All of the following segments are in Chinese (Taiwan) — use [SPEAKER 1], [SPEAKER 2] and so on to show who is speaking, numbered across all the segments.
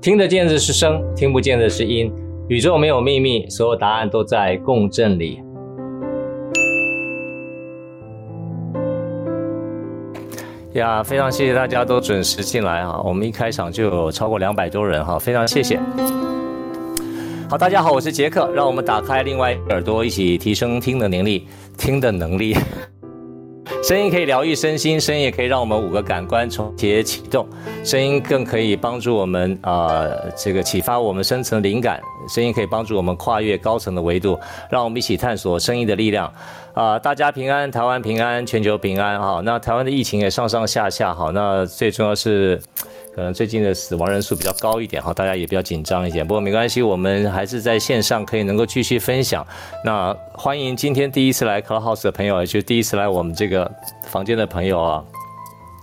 [SPEAKER 1] 聽得見的是聲，聽不見的是音。宇宙沒有秘密，所有答案都在共振裡。呀，非常謝謝大家都準時進來啊！我們一開場就有超過兩百多人哈，非常謝謝。好，大家好，我是傑克，讓我們打開另外一耳朵，一起提升聽的能力，聽的能力。聲音可以療癒身心，聲音也可以讓我們五個感官重疊啟動，聲音更可以幫助我們啊、呃，這個啟發我們深層靈感，聲音可以幫助我們跨越高層的維度，讓我們一起探索聲音的力量。啊、呃，大家平安，台灣平安，全球平安。哈，那台灣的疫情也上上下下，好，那最重要是。可能最近的死亡人數比較高一點哈，大家也比較緊張一點。不過沒關係，我們還是在線上可以能夠繼續分享。那歡迎今天第一次來 Clubhouse 的朋友，也就是、第一次來我們這個房間的朋友啊。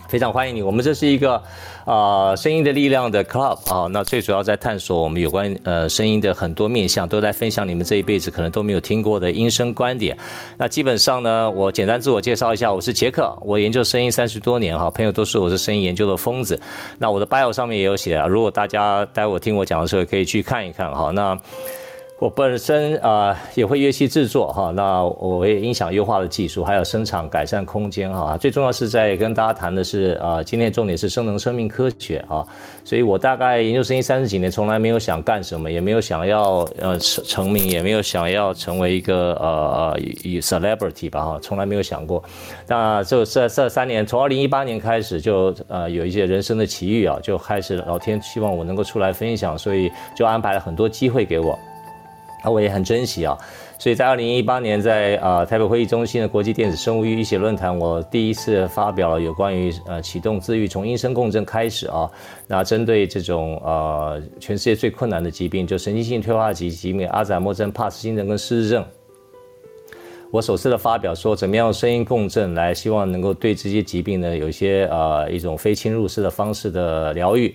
[SPEAKER 1] 非常歡迎你，我們這是一個，呃，聲音的力量的 club 啊、哦。那最主要在探索我們有關呃聲音的很多面向，都在分享你們這一輩子可能都沒有聽過的音聲觀點。那基本上呢，我簡單自我介紹一下，我是傑克，我研究聲音三十多年哈、哦，朋友都說我是聲音研究的瘋子。那我的 bio 上面也有寫啊，如果大家待會聽我講的時候可以去看一看哈。那。我本身啊、呃、也會樂器製作哈，那我也音響優化的技術，還有聲場改善空間哈。最重要是在跟大家談的是啊、呃，今天重點是生能生命科學啊。所以我大概研究生，一三十幾年，從來沒有想幹什麼，也沒有想要呃成名，也沒有想要成為一個呃呃 celebrity 吧哈，從來沒有想過。那就這這三年，從二零一八年開始就呃有一些人生的奇遇啊，就開始老天希望我能夠出來分享，所以就安排了很多機會給我。那、啊、我也很珍惜啊，所以在二零一八年在，在、呃、啊台北會議中心的國際電子生物醫學論壇，我第一次發表了有關於呃啟動自癒，從音聲共振開始啊。那針對這種呃全世界最困難的疾病，就神經性退化性疾病阿茲海默症、帕斯金症跟失智症，我首次的發表說，怎麼樣用聲音共振來，希望能夠對這些疾病呢有一些啊、呃、一種非侵入式的方式的療癒。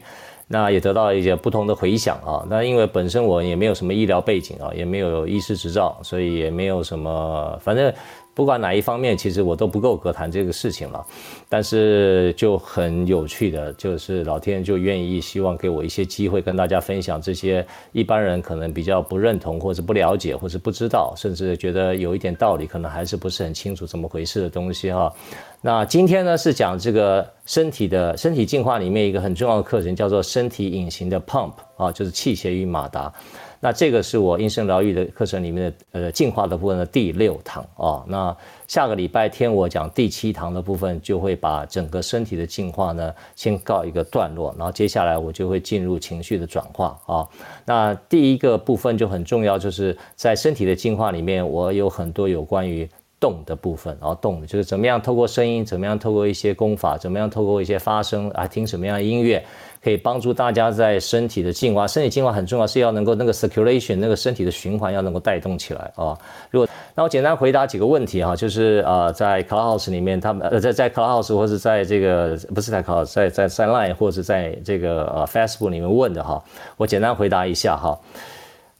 [SPEAKER 1] 那也得到一些不同的回響啊。那因為本身我也沒有什麼醫療背景啊，也沒有，有醫師執照，所以也沒有什麼。反正不管哪一方面，其實我都不夠格談這個事情了。但是就很有趣的，就是老天就願意希望給我一些機會，跟大家分享這些一般人可能比較不認同，或者不了解，或者不知道，甚至覺得有一點道理，可能還是不是很清楚怎麼回事的東西哈、啊。那今天呢，是講這個身體的身體淨化裡面一個很重要的課程，叫做身體隱形的 pump 啊、哦，就是氣血與馬達。那這個是我音聲療癒的課程裡面的呃淨化的部分的第六堂啊、哦。那下個禮拜天我講第七堂的部分，就會把整個身體的淨化呢先告一個段落，然後接下來我就會進入情緒的轉化啊、哦。那第一個部分就很重要，就是在身體的淨化裡面，我有很多有關於。動的部分，然、哦、後動就是怎麼樣透過聲音，怎麼樣透過一些功法，怎麼樣透過一些發聲啊，聽什麼樣的音樂可以幫助大家在身體的淨化。身體淨化很重要，是要能夠那個 circulation 那個身體的循環要能夠帶動起來啊、哦。如果那我簡單回答幾個問題哈、哦，就是啊、呃，在 Clubhouse 裡面他們呃在在 Clubhouse 或是在這個，不是在 Clubhouse，在在 LINE 或是在這個呃 Facebook 裡面問的哈、哦，我簡單回答一下哈。哦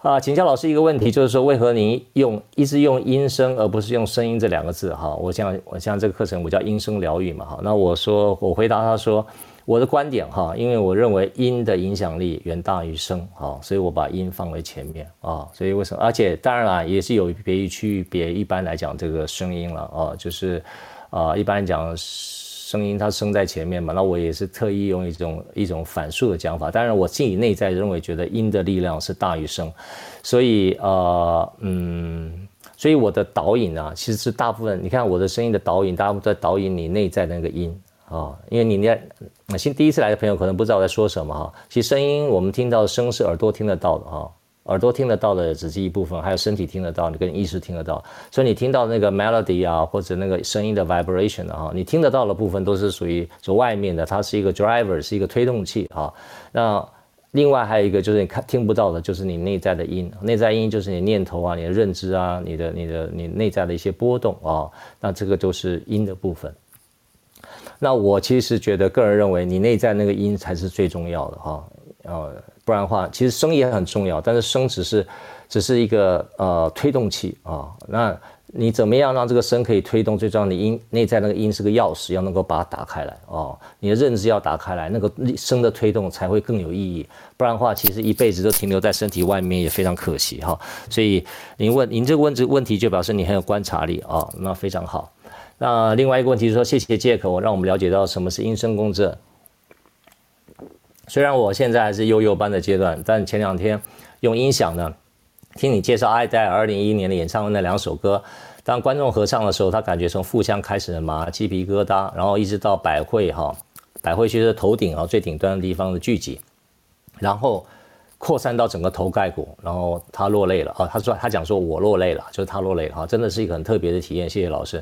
[SPEAKER 1] 啊，請教老師一個問題，就是說，為何您用一直用音聲而不是用聲音這兩個字？哈，我像我像這個課程，我叫音聲療癒嘛，哈，那我說我回答他說我的觀點哈，因為我認為音的影響力遠大於聲啊，所以我把音放在前面啊、哦，所以為什麼？而且當然啦，也是有別於區別，一般來講這個聲音了啊、哦，就是啊、呃，一般講是。聲音它聲在前面嘛，那我也是特意用一種一種反述的講法。當然我心裡內在認為覺得音的力量是大於聲，所以呃嗯，所以我的導引呢、啊，其實是大部分你看我的聲音的導引，大部分在導引你內在的那個音啊、哦，因為你我新第一次來的朋友可能不知道我在說什麼哈。其實聲音我們聽到聲是耳朵聽得到的哈。哦耳朵聽得到的只是一部分，還有身體聽得到，你跟你意識聽得到，所以你聽到那個 melody 啊，或者那個聲音的 vibration 哈、啊，你聽得到的部分都是屬於說外面的，它是一個 driver，是一個推動器啊。那另外還有一個就是你看聽不到的，就是你內在的音，內在音就是你念頭啊，你的認知啊，你的你的，你的，你內在的一些波動啊，那這個都是音的部分。那我其實覺得個人認為，你內在那個音才是最重要的哈、啊，呃。不然的話，其實聲，也很重要，但是聲只是，只是一個呃推動器啊、哦。那你怎麼樣讓這個聲可以推動？最重要，你音內在那個音是個鑰匙，要能夠把它打開來哦。你的認知要打開來，那個聲的推動才會更有意義。不然的話，其實一輩子都停留在身體外面也非常可惜哈、哦。所以您問您這個問質問題，就表示你很有觀察力哦。那非常好。那另外一個問題是說，謝謝 Jack，我讓我們了解到什麼是音聲共振。雖然我現在還是幼幼班的階段，但前兩天用音響呢聽你介紹愛黛兒二零一一年的演唱會那兩首歌，當觀眾合唱的時候，他感覺從腹腔開始的麻、雞皮疙瘩，然後一直到百會哈，百會穴是頭頂啊最頂端的地方的聚集，然後擴散到整個頭蓋骨，然後他落淚了啊，他說他講說我落淚了，就是他落淚了哈，真的是一個很特別的體驗，謝謝老師。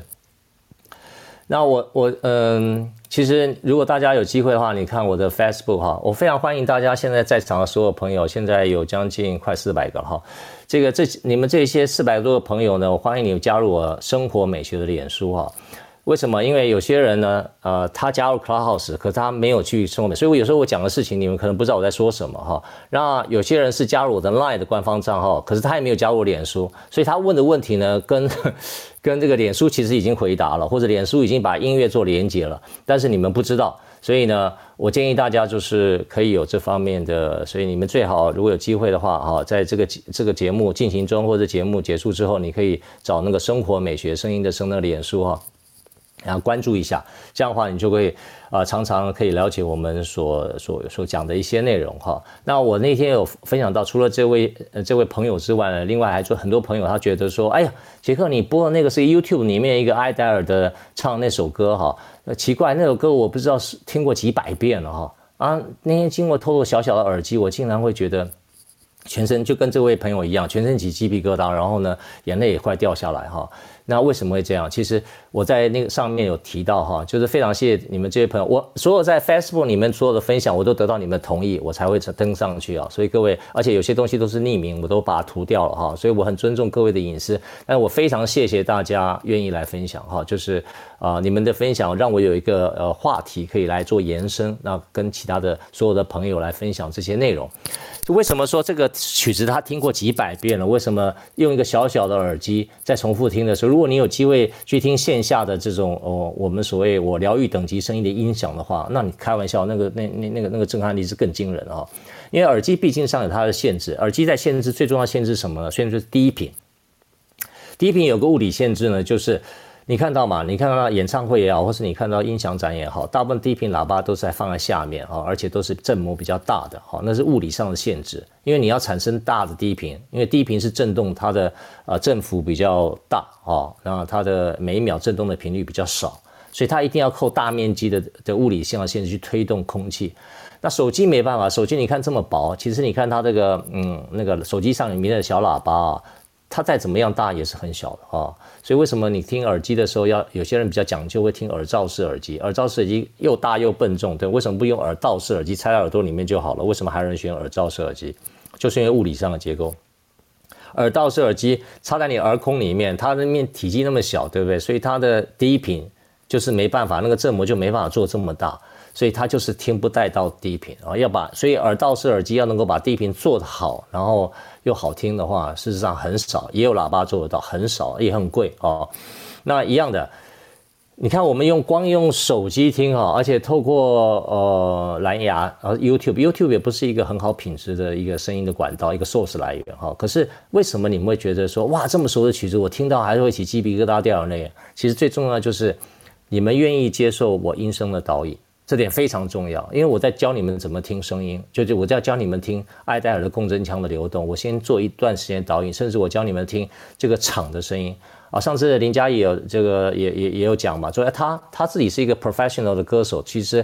[SPEAKER 1] 那我我嗯，其實如果大家有機會的話，你看我的 Facebook 哈，我非常歡迎大家現在在場的所有朋友，現在有將近快四百個哈。這個這你們這些四百多個朋友呢，我歡迎你們加入我聲活美學的臉書哈。為什麼？因為有些人呢，呃，他加入 Clubhouse，可是他沒有去聲活美學，所以我有時候我講的事情，你們可能不知道我在說什麼哈。那有些人是加入我的 Line 的官方賬號，可是他也沒有加入我臉書，所以他問的問題呢，跟。跟這個臉書其實已經回答了，或者臉書已經把音樂做連接了，但是你們不知道，所以呢，我建議大家就是可以有這方面的，所以你們最好如果有機會的話，哈，在這個這個節目進行中，或者節目結束之後，你可以找那個聲活美學聲音的聲樂臉書哈。然後關注一下，這樣的話你就會，啊、呃，常常可以了解我們所所所講的一些內容哈。那我那天有分享到，除了這位、呃、這位朋友之外呢，另外還有很多朋友他覺得說，哎呀，傑克你播的那個是 YouTube 裡面一個艾戴爾的唱的那首歌哈。那奇怪，那首歌我不知道是聽過幾百遍了哈。啊，那天經過透過小小的耳機，我竟然會覺得全身就跟這位朋友一樣，全身起雞皮疙瘩，然後呢眼淚也快掉下來哈。那為什麼會這樣？其實我在那個上面有提到哈，就是非常謝謝你們這些朋友，我所有在 Facebook 裡面所有的分享，我都得到你們的同意，我才會登上去啊。所以各位，而且有些東西都是匿名，我都把它塗掉了哈。所以我很尊重各位的隱私，但是我非常謝謝大家願意來分享哈，就是。啊，你們的分享讓我有一個呃話題可以來做延伸，那跟其他的所有的朋友來分享這些內容。就為什麼說這個曲子他聽過幾百遍了？為什麼用一個小小的耳機再重複聽的時候，如果你有機會去聽線下的這種哦，我們所謂我療癒等級聲音的音響的話，那你開玩笑，那個那那那個那個震撼力是更驚人啊、哦！因為耳機畢竟上有它的限制，耳機在限制最重要的限制是什麼呢？限制就是低頻，低頻有個物理限制呢，就是。你看到嘛？你看到演唱會也好，或是你看到音響展也好，大部分低頻喇叭都是在放在下面啊，而且都是振膜比較大的哈，那是物理上的限制。因為你要產生大的低頻，因為低頻是震動，它的呃振幅比較大啊，然後它的每一秒震動的頻率比較少，所以它一定要靠大面積的的物理性的限制去推動空氣。那手機沒辦法，手機你看這麼薄，其實你看它這個嗯那個手機上裡面的小喇叭啊。它再怎麼樣大也是很小的啊、哦，所以為什麼你聽耳機的時候要有些人比較講究會聽耳罩式耳機？耳罩式耳機又大又笨重，對，為什麼不用耳道式耳機插在耳朵裡面就好了？為什麼還有人選耳罩式耳機？就是因為物理上的結構，耳道式耳機插在你耳孔裡面，它的面體積那麼小，對不對？所以它的低頻就是沒辦法，那個振膜就沒辦法做這麼大。所以它就是聽不帶到低頻，啊、哦，要把，所以耳道式耳機要能夠把低頻做得好，然後又好聽的話，事實上很少，也有喇叭做得到，很少也很貴啊、哦。那一樣的，你看我們用光用手機聽啊、哦，而且透過呃藍牙，然後啊 YouTube，YouTube 也不是一個很好品質的一個聲音的管道，一個 source 來源哈、哦。可是為什麼你們會覺得說哇，這麼熟的曲子我聽到還是會起雞皮疙瘩掉眼淚？其實最重要的就是你們願意接受我音聲的導引。這點非常重要，因為我在教你們怎麼聽聲音，就就是、我在教你們聽愛戴爾的共振腔的流動。我先做一段時間導引，甚至我教你們聽這個場的聲音啊。上次林佳也有這個也也也有講嘛，說他他自己是一個 professional 的歌手，其實。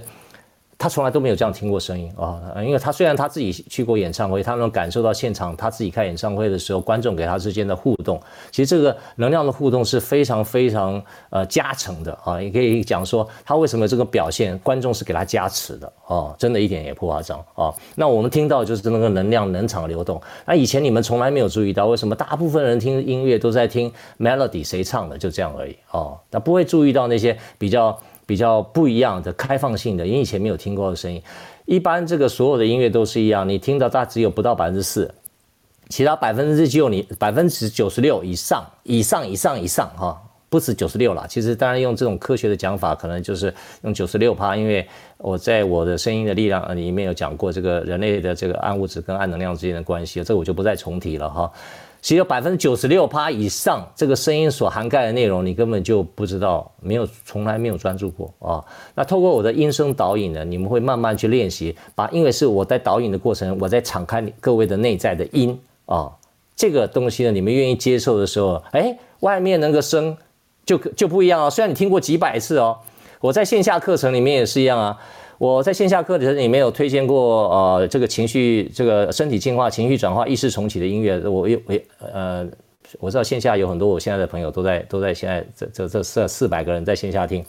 [SPEAKER 1] 他從來都沒有這樣聽過聲音啊、哦，因為他雖然他自己去過演唱會，他能感受到現場他自己開演唱會的時候，觀眾給他之間的互動，其實這個能量的互動是非常非常呃加成的啊、哦，也可以講說他為什麼這個表現，觀眾是給他加持的啊、哦，真的一點也不誇張啊。那我們聽到就是那個能量、能場流動。那以前你們從來沒有注意到，為什麼大部分人聽音樂都在聽 melody 誰唱的就這樣而已啊、哦，那不會注意到那些比較。比較不一樣的開放性的，因為以前沒有聽過的聲音。一般這個所有的音樂都是一樣，你聽到它只有不到百分之四，其他百分之九，你百分之九十六以上，以上，以上，以上，哈、哦，不止九十六了。其實當然用這種科學的講法，可能就是用九十六趴，因為我在我的聲音的力量裡面有講過這個人類的這個暗物質跟暗能量之間的關係，這個我就不再重提了哈。哦其實百分之九十六趴以上，這個聲音所涵蓋的內容，你根本就不知道，沒有從來沒有專注過啊、哦。那透過我的音聲導引呢，你們會慢慢去練習，把，因為是我在導引的過程，我在敞開各位的內在的音啊、哦，這個東西呢，你們願意接受的時候，哎、欸，外面那個聲就就不一樣啊、哦。雖然你聽過幾百次哦，我在線下課程裡面也是一樣啊。我在線下課的時候，沒有推薦過呃這個情緒、這個身體進化、情緒轉化、意識重啟的音樂。我有，我呃，我知道線下有很多我現在的朋友都在都在現在這這這四四百個人在線下聽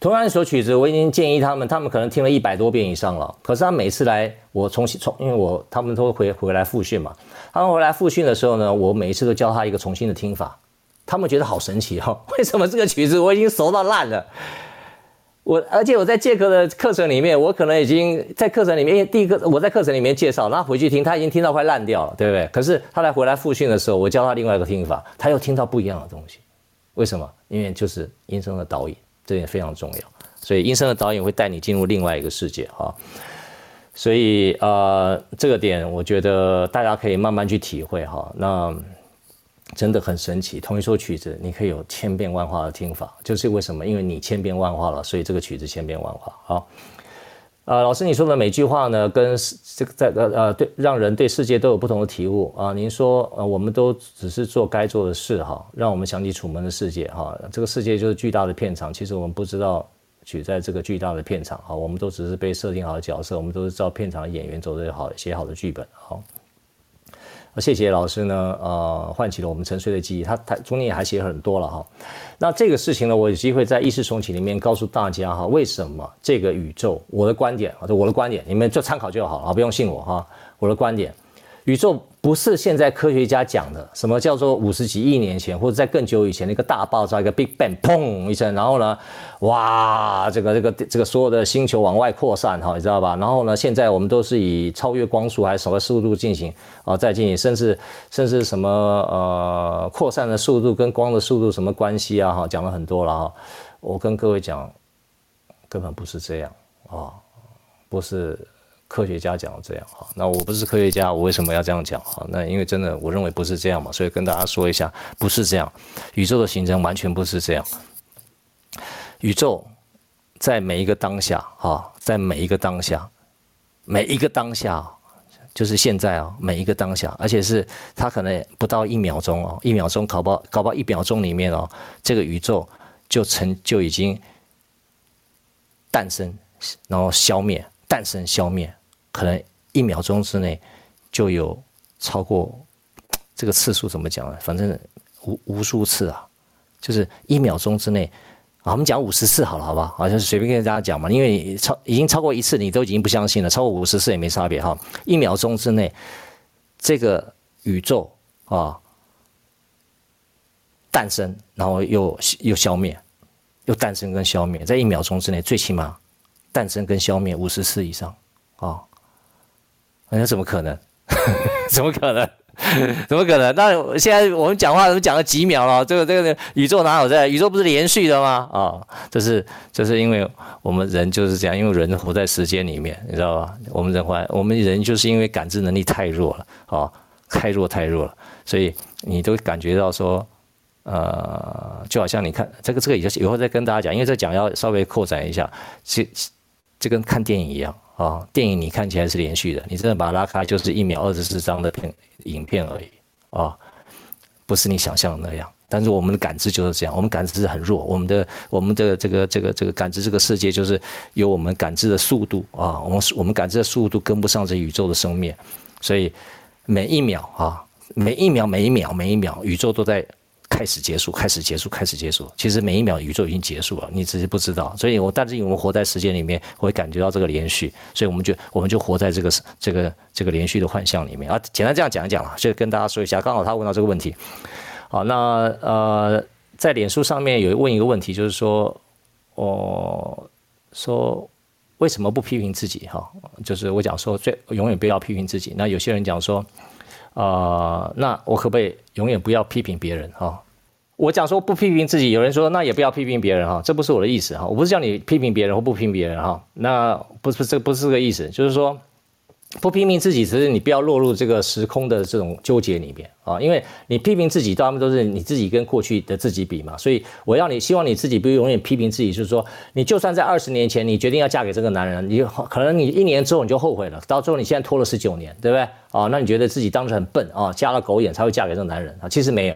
[SPEAKER 1] 同樣一首曲子，我已經建議他們，他們可能聽了一百多遍以上了。可是他每次來，我重新重，因為我他們都會回回來復訓嘛。他們回來復訓的時候呢，我每一次都教他一個重新的聽法，他們覺得好神奇哦，為什麼這個曲子我已經熟到爛了？我而且我在 Jack 的課程裡面，我可能已經在課程裡面，因為第一個我在課程裡面介紹，然後回去聽，他已經聽到快爛掉了，對不對？可是他再回來复訓的時候，我教他另外一個聽法，他又聽到不一樣的東西，為什麼？因為就是音聲的導引，這點非常重要，所以音聲的導引會帶你進入另外一個世界哈、哦。所以呃，這個點我覺得大家可以慢慢去體會哈、哦。那。真的很神奇，同一首曲子，你可以有千變萬化的聽法，就是為什麼？因為你千變萬化了，所以這個曲子千變萬化。好，呃，老師你說的每句話呢，跟這個在呃呃對，讓人對世界都有不同的體悟啊。您說呃，我們都只是做該做的事哈，讓我們想起《楚門的世界》哈，這個世界就是巨大的片場，其實我們不知道舉在這個巨大的片場啊，我們都只是被設定好的角色，我們都是照片場的演員走的，好，寫好的劇本，好。謝謝老師呢，呃，喚起了我們沉睡的記憶。他他中間也還寫很多了哈。那這個事情呢，我有機會在意識重啟裡面告訴大家哈，為什麼這個宇宙，我的觀點，我的觀點，你們就參考就好了，不用信我哈，我的觀點。宇宙不是現在科學家講的什麼叫做五十幾億年前，或者在更久以前的一個大爆炸，一個 Big Bang，砰一聲，然後呢，哇，這個這個、這個、這個所有的星球往外擴散，哈、哦，你知道吧？然後呢，現在我們都是以超越光速還是什麼速度進行啊、哦？再進行，甚至甚至什麼呃，擴散的速度跟光的速度什麼關係啊？哈、哦，講了很多了哈、哦，我跟各位講，根本不是這樣啊、哦，不是。科學家講的這樣哈，那我不是科學家，我為什麼要這樣講哈？那因為真的，我認為不是這樣嘛，所以跟大家說一下，不是這樣。宇宙的形成完全不是這樣。宇宙在每一個當下啊，在每一個當下，
[SPEAKER 2] 每一
[SPEAKER 1] 個當下就是現在啊，每一個當下，而且是它可能不到一秒鐘哦，一秒鐘搞不好搞不好一秒鐘裡面哦，這個宇宙就成就已經誕生，然後消滅，誕生消滅。可能一秒鐘之內就有超過這個次數怎麼講呢？反正無無數次啊，就是一秒鐘之內啊，我們講五十次好了，好不好？好像是隨便跟大家講嘛，因為超已經超過一次你都已經不相信了，超過五十次也沒差別哈。一秒鐘之內，這個宇宙啊誕生，然後又又消滅，又誕生跟消滅，在一秒鐘之內最起碼誕生跟消滅五十次以上啊。那怎麼可能？怎麼可能？ 怎麼可能 怎麼可能？那現在我們講話都講了幾秒了，這個這個宇宙哪有在？宇宙不是連續的嗎？啊、哦，這是這是因為我們人就是這樣，因為人活在時間裡面，你知道吧？我們人活，我們人就是因為感知能力太弱了啊、哦，太弱太弱了，所以你都感覺到說，呃，就好像你看這個這個，以後以後再跟大家講，因為這講要稍微擴展一下，這這跟看電影一樣。啊、哦，電影你看起來是連續的，你真的把它拉開就是一秒二十四張的片影片而已啊、哦，不是你想象的那樣。但是我們的感知就是這樣，我們感知是很弱，我們的我們的這個這個這個感知這個世界就是有我們感知的速度啊、哦，我們我們感知的速度跟不上這宇宙的生命。所以每一秒啊、哦，每一秒每一秒每一秒，每一秒，宇宙都在。開始結束，開始結束，開始結束。其實每一秒宇宙已經結束了，你只是不知道。所以我但是因為我們活在時間裡面，我會感覺到這個連續，所以我們就我們就活在這個這個這個連續的幻象裡面啊。簡單這樣講一講了，就跟大家說一下。剛好他問到這個問題，好，那呃，在臉書上面有問一個問題，就是說，我、哦、說為什麼不批評自己？哈，就是我講說最永遠不要批評自己。那有些人講說。啊、呃，那我可不可以永遠不要批評別人哈？我講說不批評自己，有人說那也不要批評別人哈，這不是我的意思哈，我不是叫你批評別人或不批評別人哈，那不是這不是這個意思，就是說。不批評自己，只是你不要落入這個時空的這種糾結裡面啊！因為你批評自己，他們都是你自己跟過去的自己比嘛。所以我要你，希望你自己不要永遠批評自己，就是說，你就算在二十年前你決定要嫁給這個男人，你可能你一年之後你就後悔了，到最後你現在拖了十九年，對不對？啊，那你覺得自己當時很笨啊，瞎了狗眼才會嫁給這個男人啊？其實沒有，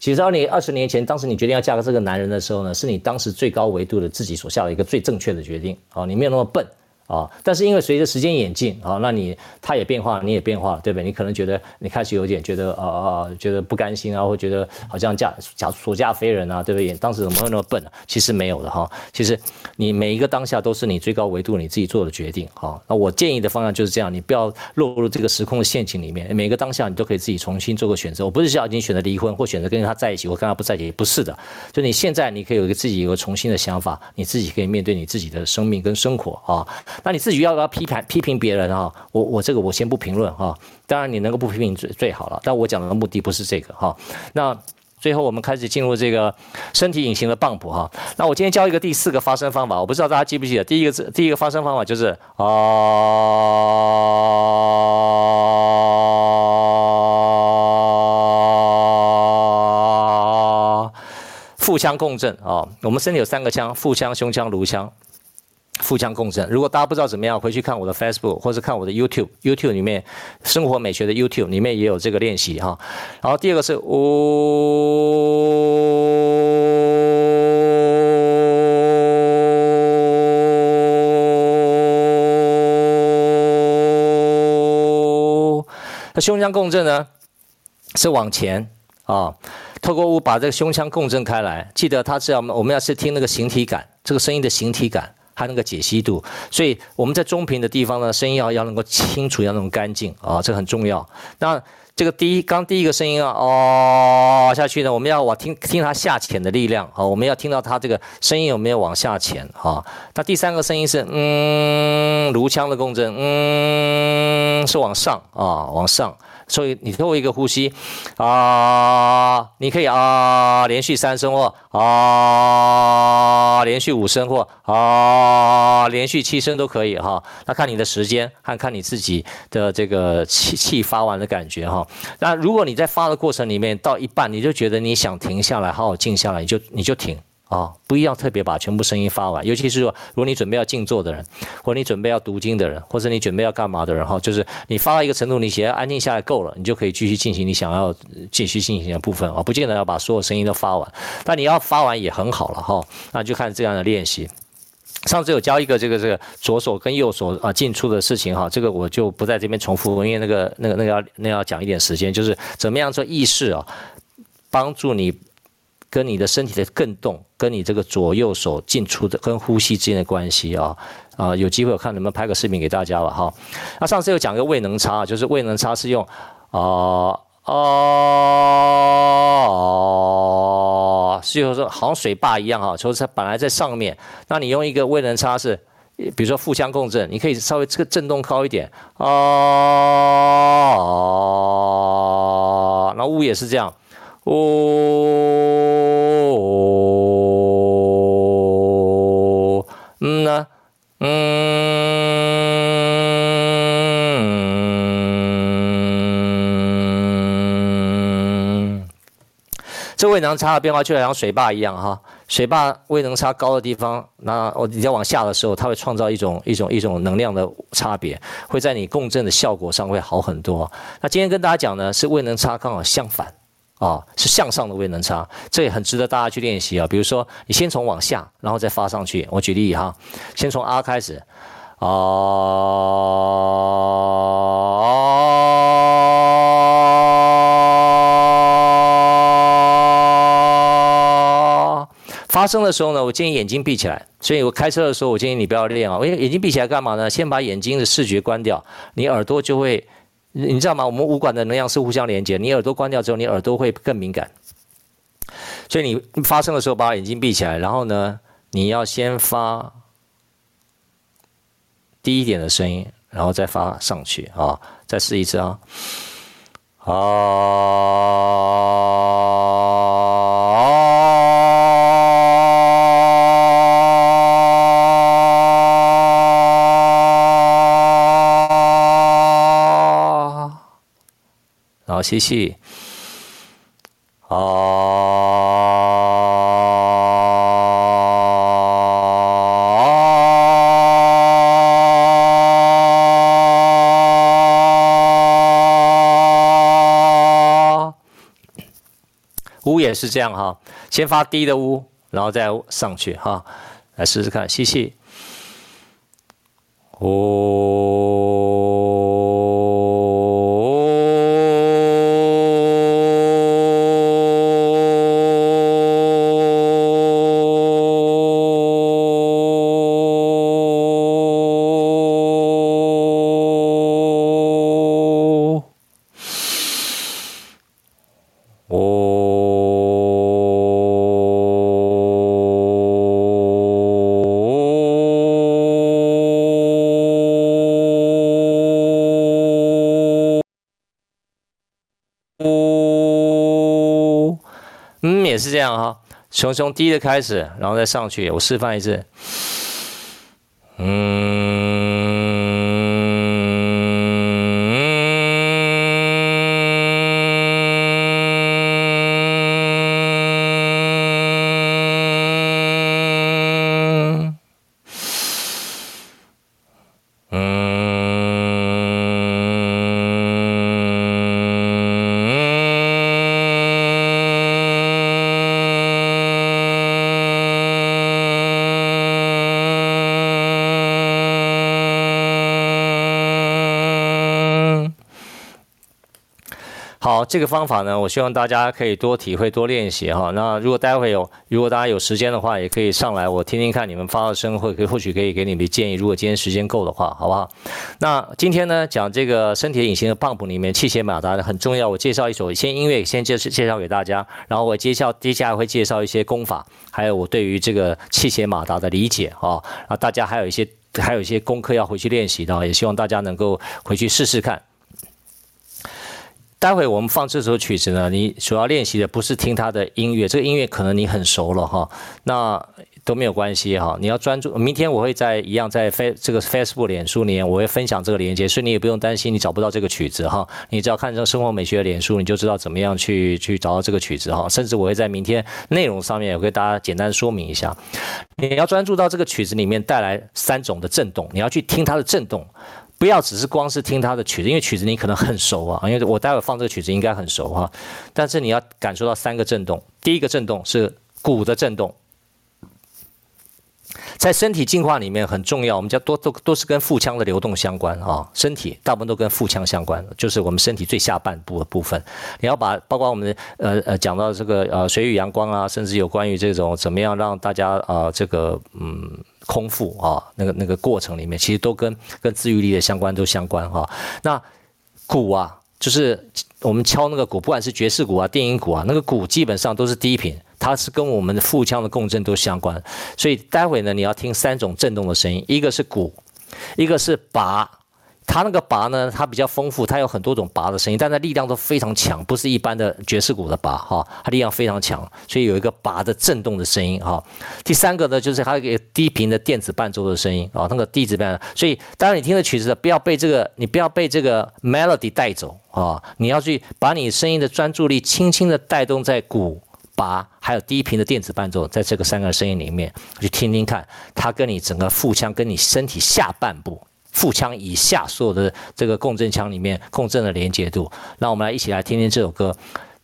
[SPEAKER 1] 其實當你二十年前當時你決定要嫁給這個男人的時候呢，是你當時最高維度的自己所下的一個最正確的決定啊，你沒有那麼笨。啊、哦，但是因為隨着時間演進啊、哦，那你他也變化，你也變化，了，對不對？你可能覺得你開始有點覺得啊啊、呃，覺得不甘心啊，或覺得好像嫁嫁所嫁非人啊，對不對？當時怎麼會那麼笨呢、啊？其實沒有的哈、哦，其實你每一個當下都是你最高維度你自己做的決定啊、哦。那我建議的方向就是這樣，你不要落入這個時空的陷阱裡面。每一個當下你都可以自己重新做個選擇。我不是說已經選擇離婚或選擇跟他在一起，我跟他不在一起不是的。就你現在你可以有一個自己有一個重新的想法，你自己可以面對你自己的生命跟生活啊。哦那你自己要不要批判批評別人啊、哦？我我這個我先不評論哈。當然你能夠不批評最最好了，但我講的目的不是這個哈、哦。那最後我們開始進入這個身體隱形的棒 u 哈。那我今天教一個第四個發聲方法，我不知道大家記不記得。第一個第一個發聲方法就是啊，腹腔共振啊、哦。我們身體有三個腔：腹腔、胸腔、顱腔。腹腔共振，如果大家不知道怎麼樣，回去看我的 Facebook，或者是看我的 YouTube。YouTube 裡面，生活美學的 YouTube 裡面也有這個練習哈、哦。然後第二個是嗚、哦哦，那胸腔共振呢，是往前啊、哦，透過嗚把這個胸腔共振開來。記得他是要我們要去聽那個形體感，這個聲音的形體感。它那個解析度，所以我們在中頻的地方呢，聲音要要能夠清楚，要那麼乾淨啊，這很重要。那這個第一，剛，剛第一個聲音啊，哦下去呢，我們要往聽聽它下潛的力量啊，我們要聽到它這個聲音有沒有往下潛啊？它第三個聲音是嗯，顱腔的共振，嗯，是往上啊，往上。所以你透過一個呼吸，啊，你可以啊，連續三聲或啊，連續五聲或啊，連續七聲都可以哈。那看你的時間，看看你自己的這個氣氣發完的感覺哈。那如果你在發的過程裡面到一半，你就覺得你想停下來，好好靜下來，你就你就停。啊，不一樣，特別把全部聲音發完，尤其是說，如果你準備要靜坐的人，或者你準備要讀經的人，或者你準備要幹嘛的人，哈，就是你發到一個程度，你覺得安靜下來夠了，你就可以繼續進行你想要繼續進行的部分啊，不見得要把所有聲音都發完，但你要發完也很好了，哈，那就看這樣的練習。上次有教一個這個這個左手跟右手啊進出的事情哈，這個我就不在這邊重複，因為那個那個那個要那個、要講一點時間，就是怎麼樣做意識啊，幫助你。跟你的身體的更動，跟你這個左右手進出的跟呼吸之間的關係啊、哦、啊、呃，有機會我看能不能拍個視頻給大家吧哈、哦。那上次有講個位能差，就是位能差是用啊啊，就、呃呃呃、是有說好像水壩一樣哈，就是它本來在上面，那你用一個位能差是，比如說互相共振，你可以稍微這個振動高一點啊，那、呃、霧、呃呃、也是這樣。哦，嗯、呢，嗯，嗯，這位能差的變化就好像水壩一樣哈。水壩位能差高的地方，那我你再往下的時候，它會創造一種一種一種能量的差別，會在你共振的效果上會好很多。那今天跟大家講呢，是位能差剛好相反。啊、哦，是向上的位能差，這也很值得大家去練習啊、哦。比如說，你先從往下，然後再發上去。我舉例哈，先從 R 開始，啊、哦哦哦哦，發聲的時候呢，我建議眼睛閉起來。所以我開車的時候，我建議你不要練啊、哦。我、哎、眼睛閉起來幹嘛呢？先把眼睛的視覺關掉，你耳朵就會。你知道嗎？我們五官的能量是互相連接。你耳朵關掉之後，你耳朵會更敏感。所以你發聲的時候，把眼睛閉起來。然後呢，你要先發低一點的聲音，然後再發上去啊、哦！再試一次啊、哦！啊、uh...。吸氣，啊，嗚、啊啊啊啊，也是這樣哈，先發低的嗚，然後再上去哈，來試試看，吸氣，
[SPEAKER 2] 哦、啊。
[SPEAKER 1] 這樣哈、哦，從從低的開始，然後再上去。我示範一次，嗯。這個方法呢，我希望大家可以多體會、多練習哈。那如果待會有，如果大家有時間的話，也可以上來，我聽聽看你們發的聲，或可或許可以給你們建議。如果今天時間夠的話，好不好？那今天呢，講這個身體隱形的幫浦裡面，氣血馬達很重要。我介紹一首先音樂，先介介紹給大家，然後我接下接下來會介紹一些功法，還有我對於這個氣血馬達的理解哈啊。大家還有一些還有一些功課要回去練習的，也希望大家能夠回去試試看。待會我們放這首曲子呢，你主要練習的不是聽它的音樂，這個音樂可能你很熟了哈，那都沒有關係哈。你要專注，明天我會在一樣在這個 Facebook 臉書裡面，我會分享這個連接，所以你也不用擔心你找不到這個曲子哈。你只要看這生活美學的臉書，你就知道怎麼樣去去找到這個曲子哈。甚至我會在明天內容上面也會給大家簡單說明一下，你要專注到這個曲子裡面帶來三種的震動，你要去聽它的震動。不要只是光是聽他的曲子，因為曲子你可能很熟啊，因為我待會放這個曲子應該很熟哈、啊。但是你要感受到三個震動，第一個震動是鼓的震動，在身體淨化裡面很重要。我們講都都都是跟腹腔的流動相關啊，身體大部分都跟腹腔相關，就是我們身體最下半部的部分。你要把包括我們呃呃講到這個呃水與陽光啊，甚至有關於這種怎麼樣讓大家啊、呃、這個嗯。空腹啊，那個那個過程裡面，其實都跟跟自癒力的相關都相關哈。那鼓啊，就是我們敲那個鼓，不管是爵士鼓啊、電音鼓啊，那個鼓基本上都是低頻，它是跟我們的腹腔的共振都相關。所以待會呢，你要聽三種震動的聲音，一個是鼓，一個是鈸。它那個鈸呢，它比較豐富，它有很多種鈸的聲音，但它力量都非常強，不是一般的爵士鼓的鈸哈、哦，它力量非常強，所以有一個鈸的震動的聲音哈、哦。第三個呢，就是它有一個低頻的電子伴奏的聲音啊、哦，那個低質伴奏，所以當然你聽的曲子不要被這個，你不要被這個 melody 帶走啊、哦，你要去把你聲音的專注力輕輕的帶動在鼓鈸還有低頻的電子伴奏，在這個三個聲音裡面去聽聽看，它跟你整個腹腔跟你身體下半部。腹腔以下所有的這個共振腔裡面共振的連接度，那我們來一起來聽聽這首歌。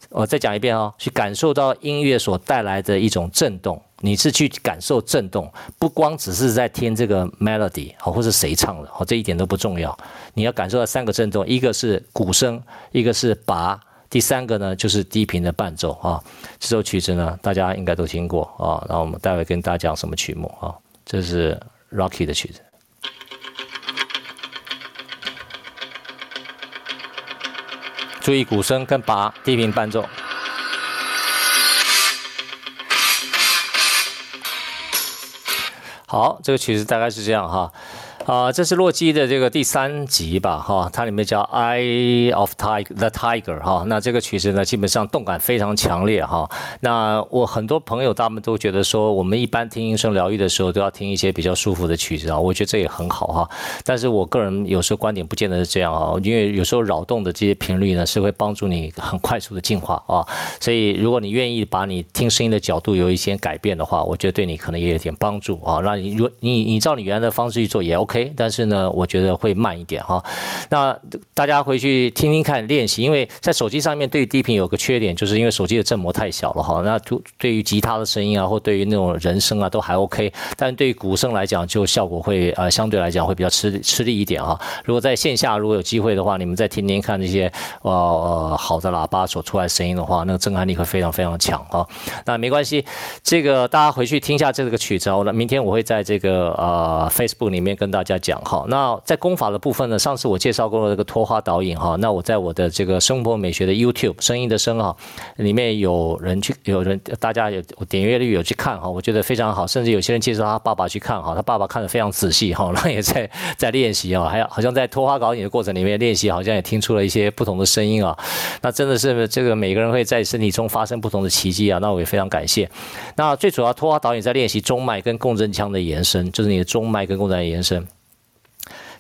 [SPEAKER 1] 我、哦、再講一遍哦，去感受到音樂所帶來的一種震動。你是去感受震動，不光只是在聽這個 melody 哦，或是誰唱的哦，這一點都不重要。你要感受到三個震動，一個是鼓聲，一個是鈸，第三個呢就是低頻的伴奏啊、哦。這首曲子呢大家應該都聽過啊、哦，然後我們待會跟大家講什麼曲目啊、哦？這是 Rocky 的曲子。注意鼓聲跟鈸、低頻伴奏。好，這個曲子大概是這樣哈。啊，這是洛基的這個第三集吧，哈，它裡面叫《Eye of Tiger》The Tiger，哈，那這個曲子呢，基本上動感非常強烈，哈，那我很多朋友他們都覺得說，我們一般聽音聲療癒的時候，都要聽一些比較舒服的曲子啊，我覺得這也很好，哈，但是我個人有時候觀點不見得是這樣啊，因為有時候擾動的這些頻率呢，是會幫助你很快速的進化啊，所以如果你願意把你聽聲音的角度有一些改變的話，我覺得對你可能也有點幫助啊，那你如你你照你原來的方式去做也、OK，也。要。OK，但是呢，我覺得會慢一點哈。那大家回去聽聽看練習，因為在手機上面對低頻有個缺點，就是因為手機的振膜太小了哈。那對於吉他的聲音啊，或對於那種人聲啊，都還 OK，但對於鼓聲來講，就效果會呃相對來講會比較吃力吃力一點哈。如果在線下如果有機會的話，你們再聽聽看那些呃好的喇叭所出來聲音的話，那個震撼力會非常非常強哈。那沒關係，這個大家回去聽一下這個曲子，哦，那明天我會在這個呃 Facebook 裡面跟大。大家講哈，那在功法的部分呢，上次我介紹過了這個脫花導引哈，那我在我的這個聲活美學的 YouTube 聲音的聲啊，裡面有人去有人大家有點閱率有去看哈，我覺得非常好，甚至有些人介紹他爸爸去看哈，他爸爸看得非常仔細哈，然後也在在練習啊，還有好像在脫花導引的過程裡面練習，好像也聽出了一些不同的聲音啊，那真的是這個每個人會在身體中發生不同的奇蹟啊，那我也非常感謝。那最主要托花導引在練習中脈跟共振腔的延伸，就是你的中脈跟共振腔的延伸。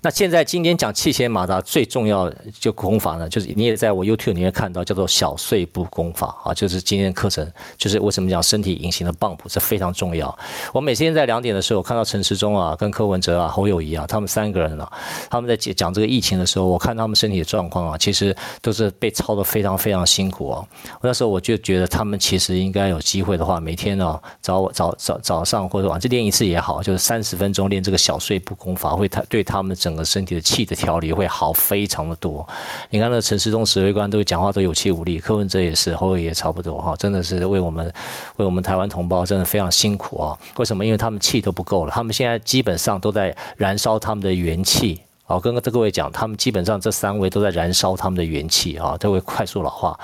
[SPEAKER 1] 那現在今天講氣血馬達，最重要的就功法呢，就是你也在我 YouTube 裡面看到，叫做小碎步功法啊，就是今天的課程，就是為什麼講身體隱形的幫浦這非常重要。我每天在兩點的時候，我看到陳時中啊、跟柯文哲啊、侯友宜啊，他們三個人呢、啊，他們在講這個疫情的時候，我看他們身體的狀況啊，其實都是被操得非常非常辛苦啊。那時候我就覺得他們其實應該有機會的話，每天呢，早早早早上或者晚上、啊、練一次也好，就是三十分鐘練這個小碎步功法，會他對他們整整個身體的氣的調理會好非常的多。你看那陳時中指揮官都講話都有氣無力，柯文哲也是，侯也差不多哈、哦，真的是為我們，為我們台灣同胞真的非常辛苦啊、哦！為什麼？因為他們氣都不夠了，他們現在基本上都在燃燒他們的元氣好、哦，跟各位講，他們基本上這三位都在燃燒他們的元氣啊、哦，都會快速老化。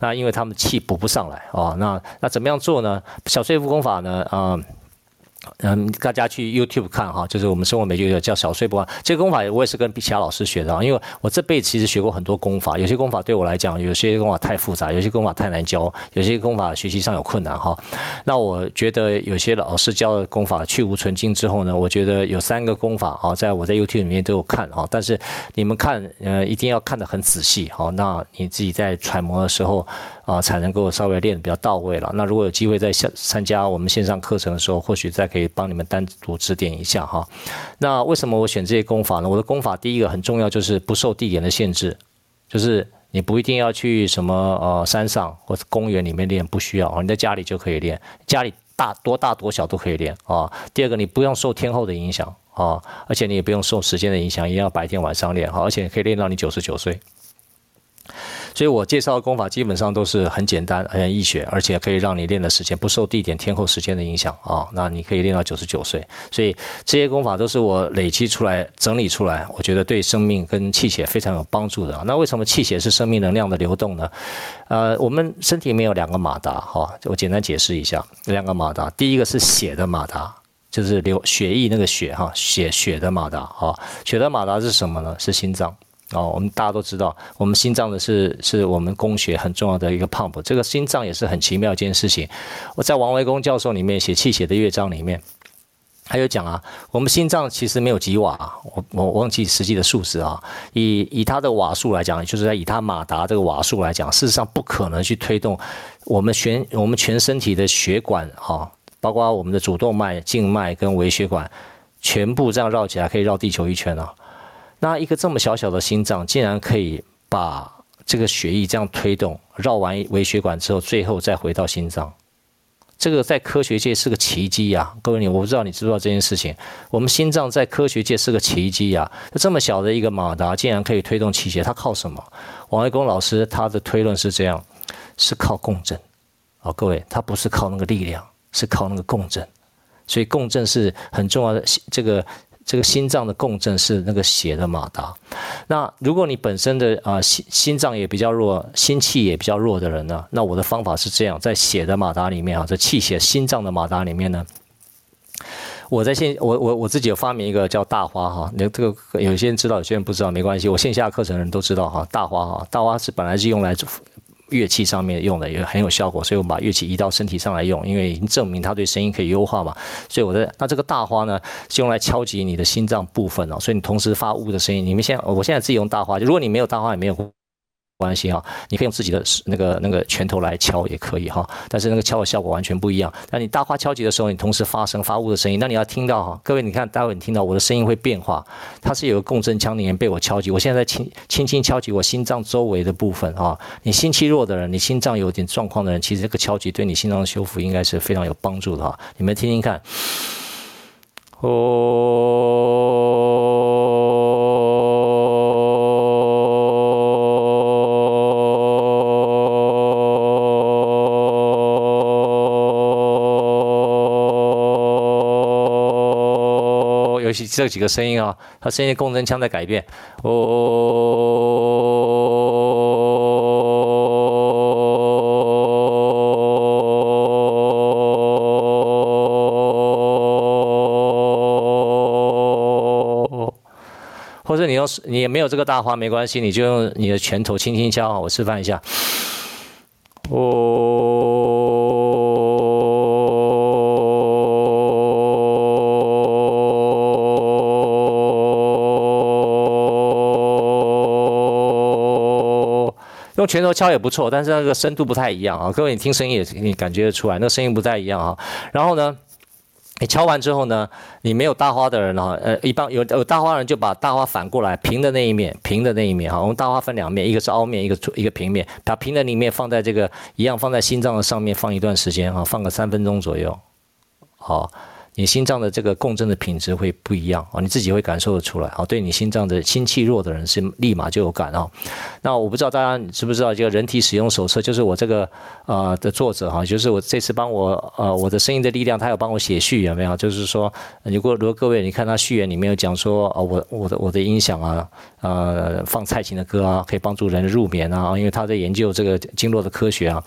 [SPEAKER 1] 那因為他們氣補不上來啊、哦，那那怎麼樣做呢？小碎步功法呢？啊、嗯？嗯，大家去 YouTube 看哈，就是我們聲活美學就有叫小碎步，這個功法我也是跟碧霞老師學的啊。因為我這輩子其實學過很多功法，有些功法對我來講，有些功法太複雜，有些功法太難教，有些功法學習上有困難哈。那我覺得有些老師教的功法去蕪存菁之後呢，我覺得有三個功法啊，在我在 YouTube 裡面都有看啊。但是你們看，呃，一定要看得很仔細好，那你自己在揣摩的時候。啊，才能夠稍微練得比較到位了。那如果有機會再參參加我們線上課程的時候，或許再可以幫你們單獨指點一下哈。那為什麼我選這些功法呢？我的功法第一個很重要，就是不受地點的限制，就是你不一定要去什麼呃山上或者公園裡面練，不需要，你在家裡就可以練，家裡大多大多小都可以練啊。第二個，你不用受天候的影響啊，而且你也不用受時間的影響，一定要白天晚上練，而且可以練到你九十九歲。所以我介紹的功法基本上都是很簡單、很易學，而且可以讓你練的時間不受地點、天候、時間的影響啊。那你可以練到九十九歲。所以這些功法都是我累積出來、整理出來，我覺得對生命跟氣血非常有幫助的。那為什麼氣血是生命能量的流動呢？呃，我們身體裡面有兩個馬達哈，我簡單解釋一下兩個馬達。第一個是血的馬達，就是流血液那個血哈，血血的馬達哈。血的馬達是什麼呢？是心臟。哦，我們大家都知道，我們心臟的是是我們供血很重要的一個 pump。這個心臟也是很奇妙一件事情。我在王唯工教授裡面寫氣血的樂章裡面，還有講啊，我們心臟其實沒有幾瓦啊，我我忘記實際的數值啊。以以它的瓦數來講，就是在以它馬達這個瓦數來講，事實上不可能去推動我們全我們全身體的血管啊，包括我們的主動脈、靜脈跟微血管，全部這樣繞起來可以繞地球一圈啊。那一個這麼小小的心臟，竟然可以把這個血液這樣推動，繞完微血管之後，最後再回到心臟，這個在科學界是個奇蹟呀、啊！各位你，我不知道你知不知道這件事情。我們心臟在科學界是個奇蹟呀、啊！這麼小的一個馬達，竟然可以推動氣血，它靠什麼？王唯工老師他的推論是這樣：是靠共振啊、哦！各位，它不是靠那個力量，是靠那個共振。所以共振是很重要的這個。這個心臟的共振是那個血的馬達，那如果你本身的啊心心臟也比較弱，心氣也比較弱的人呢，那我的方法是這樣，在血的馬達裡面啊，在氣血心臟的馬達裡面呢，我在線我我我自己有發明一個叫大花哈，那這個有些人知道，有些人不知道沒關係，我線下課程的人都知道哈，大花哈，大花是本來是用來。樂器上面用的也很有效果，所以我把樂器移到身體上來用，因為已經證明它對聲音可以優化嘛。所以我的那這個大花呢是用來敲擊你的心臟部分哦，所以你同時發嗚的聲音。你們現我現在自己用大花，如果你沒有大花也沒有。關心啊，你可以用自己的那個那個拳頭來敲也可以哈、啊，但是那個敲的效果完全不一樣。那你大花敲擊的時候，你同時發聲發物的聲音，那你要聽到哈、啊，各位你看，待會你聽到我的聲音會變化，它是有個共振腔裡面被我敲擊。我現在，在輕輕輕敲擊我心臟周圍的部分哈、啊。你心氣弱的人，你心臟有點狀況的人，其實這個敲擊對你心臟的修復應該是非常有幫助的哈、啊。你們聽聽看，哦。這幾個聲音啊、哦，它聲音共振腔在改變哦。哦，或者你用你也沒有這個大花沒關係，你就用你的拳頭輕輕敲，我示範一下。
[SPEAKER 2] 哦。
[SPEAKER 1] 拳頭敲也不錯，但是那個深度不太一樣啊。各位，你聽聲音也你感覺得出來，那個聲音不太一樣啊。然後呢，你敲完之後呢，你沒有大花的人啊，呃，一般有有大花的人就把大花反過來，平的那一面，平的那一面哈。我們大花分兩面，一個是凹面，一個一個平面。把平的那面放在這個，一樣放在心臟的上面放一段時間啊，放個三分鐘左右。好，你心臟的這個共振的品質會不一樣啊，你自己會感受得出來啊。對你心臟的心氣弱的人是立馬就有感啊。那我不知道大家知不知道，就《人體使用手冊》，就是我這個啊、呃、的作者哈、啊，就是我這次幫我呃我的聲音的力量，他有幫我寫序有沒有？就是說，如果如果各位你看他序言裡面有講說啊、哦，我我的我的音響啊，呃放蔡琴的歌啊，可以幫助人入眠啊，因為他在研究這個經絡的科學啊。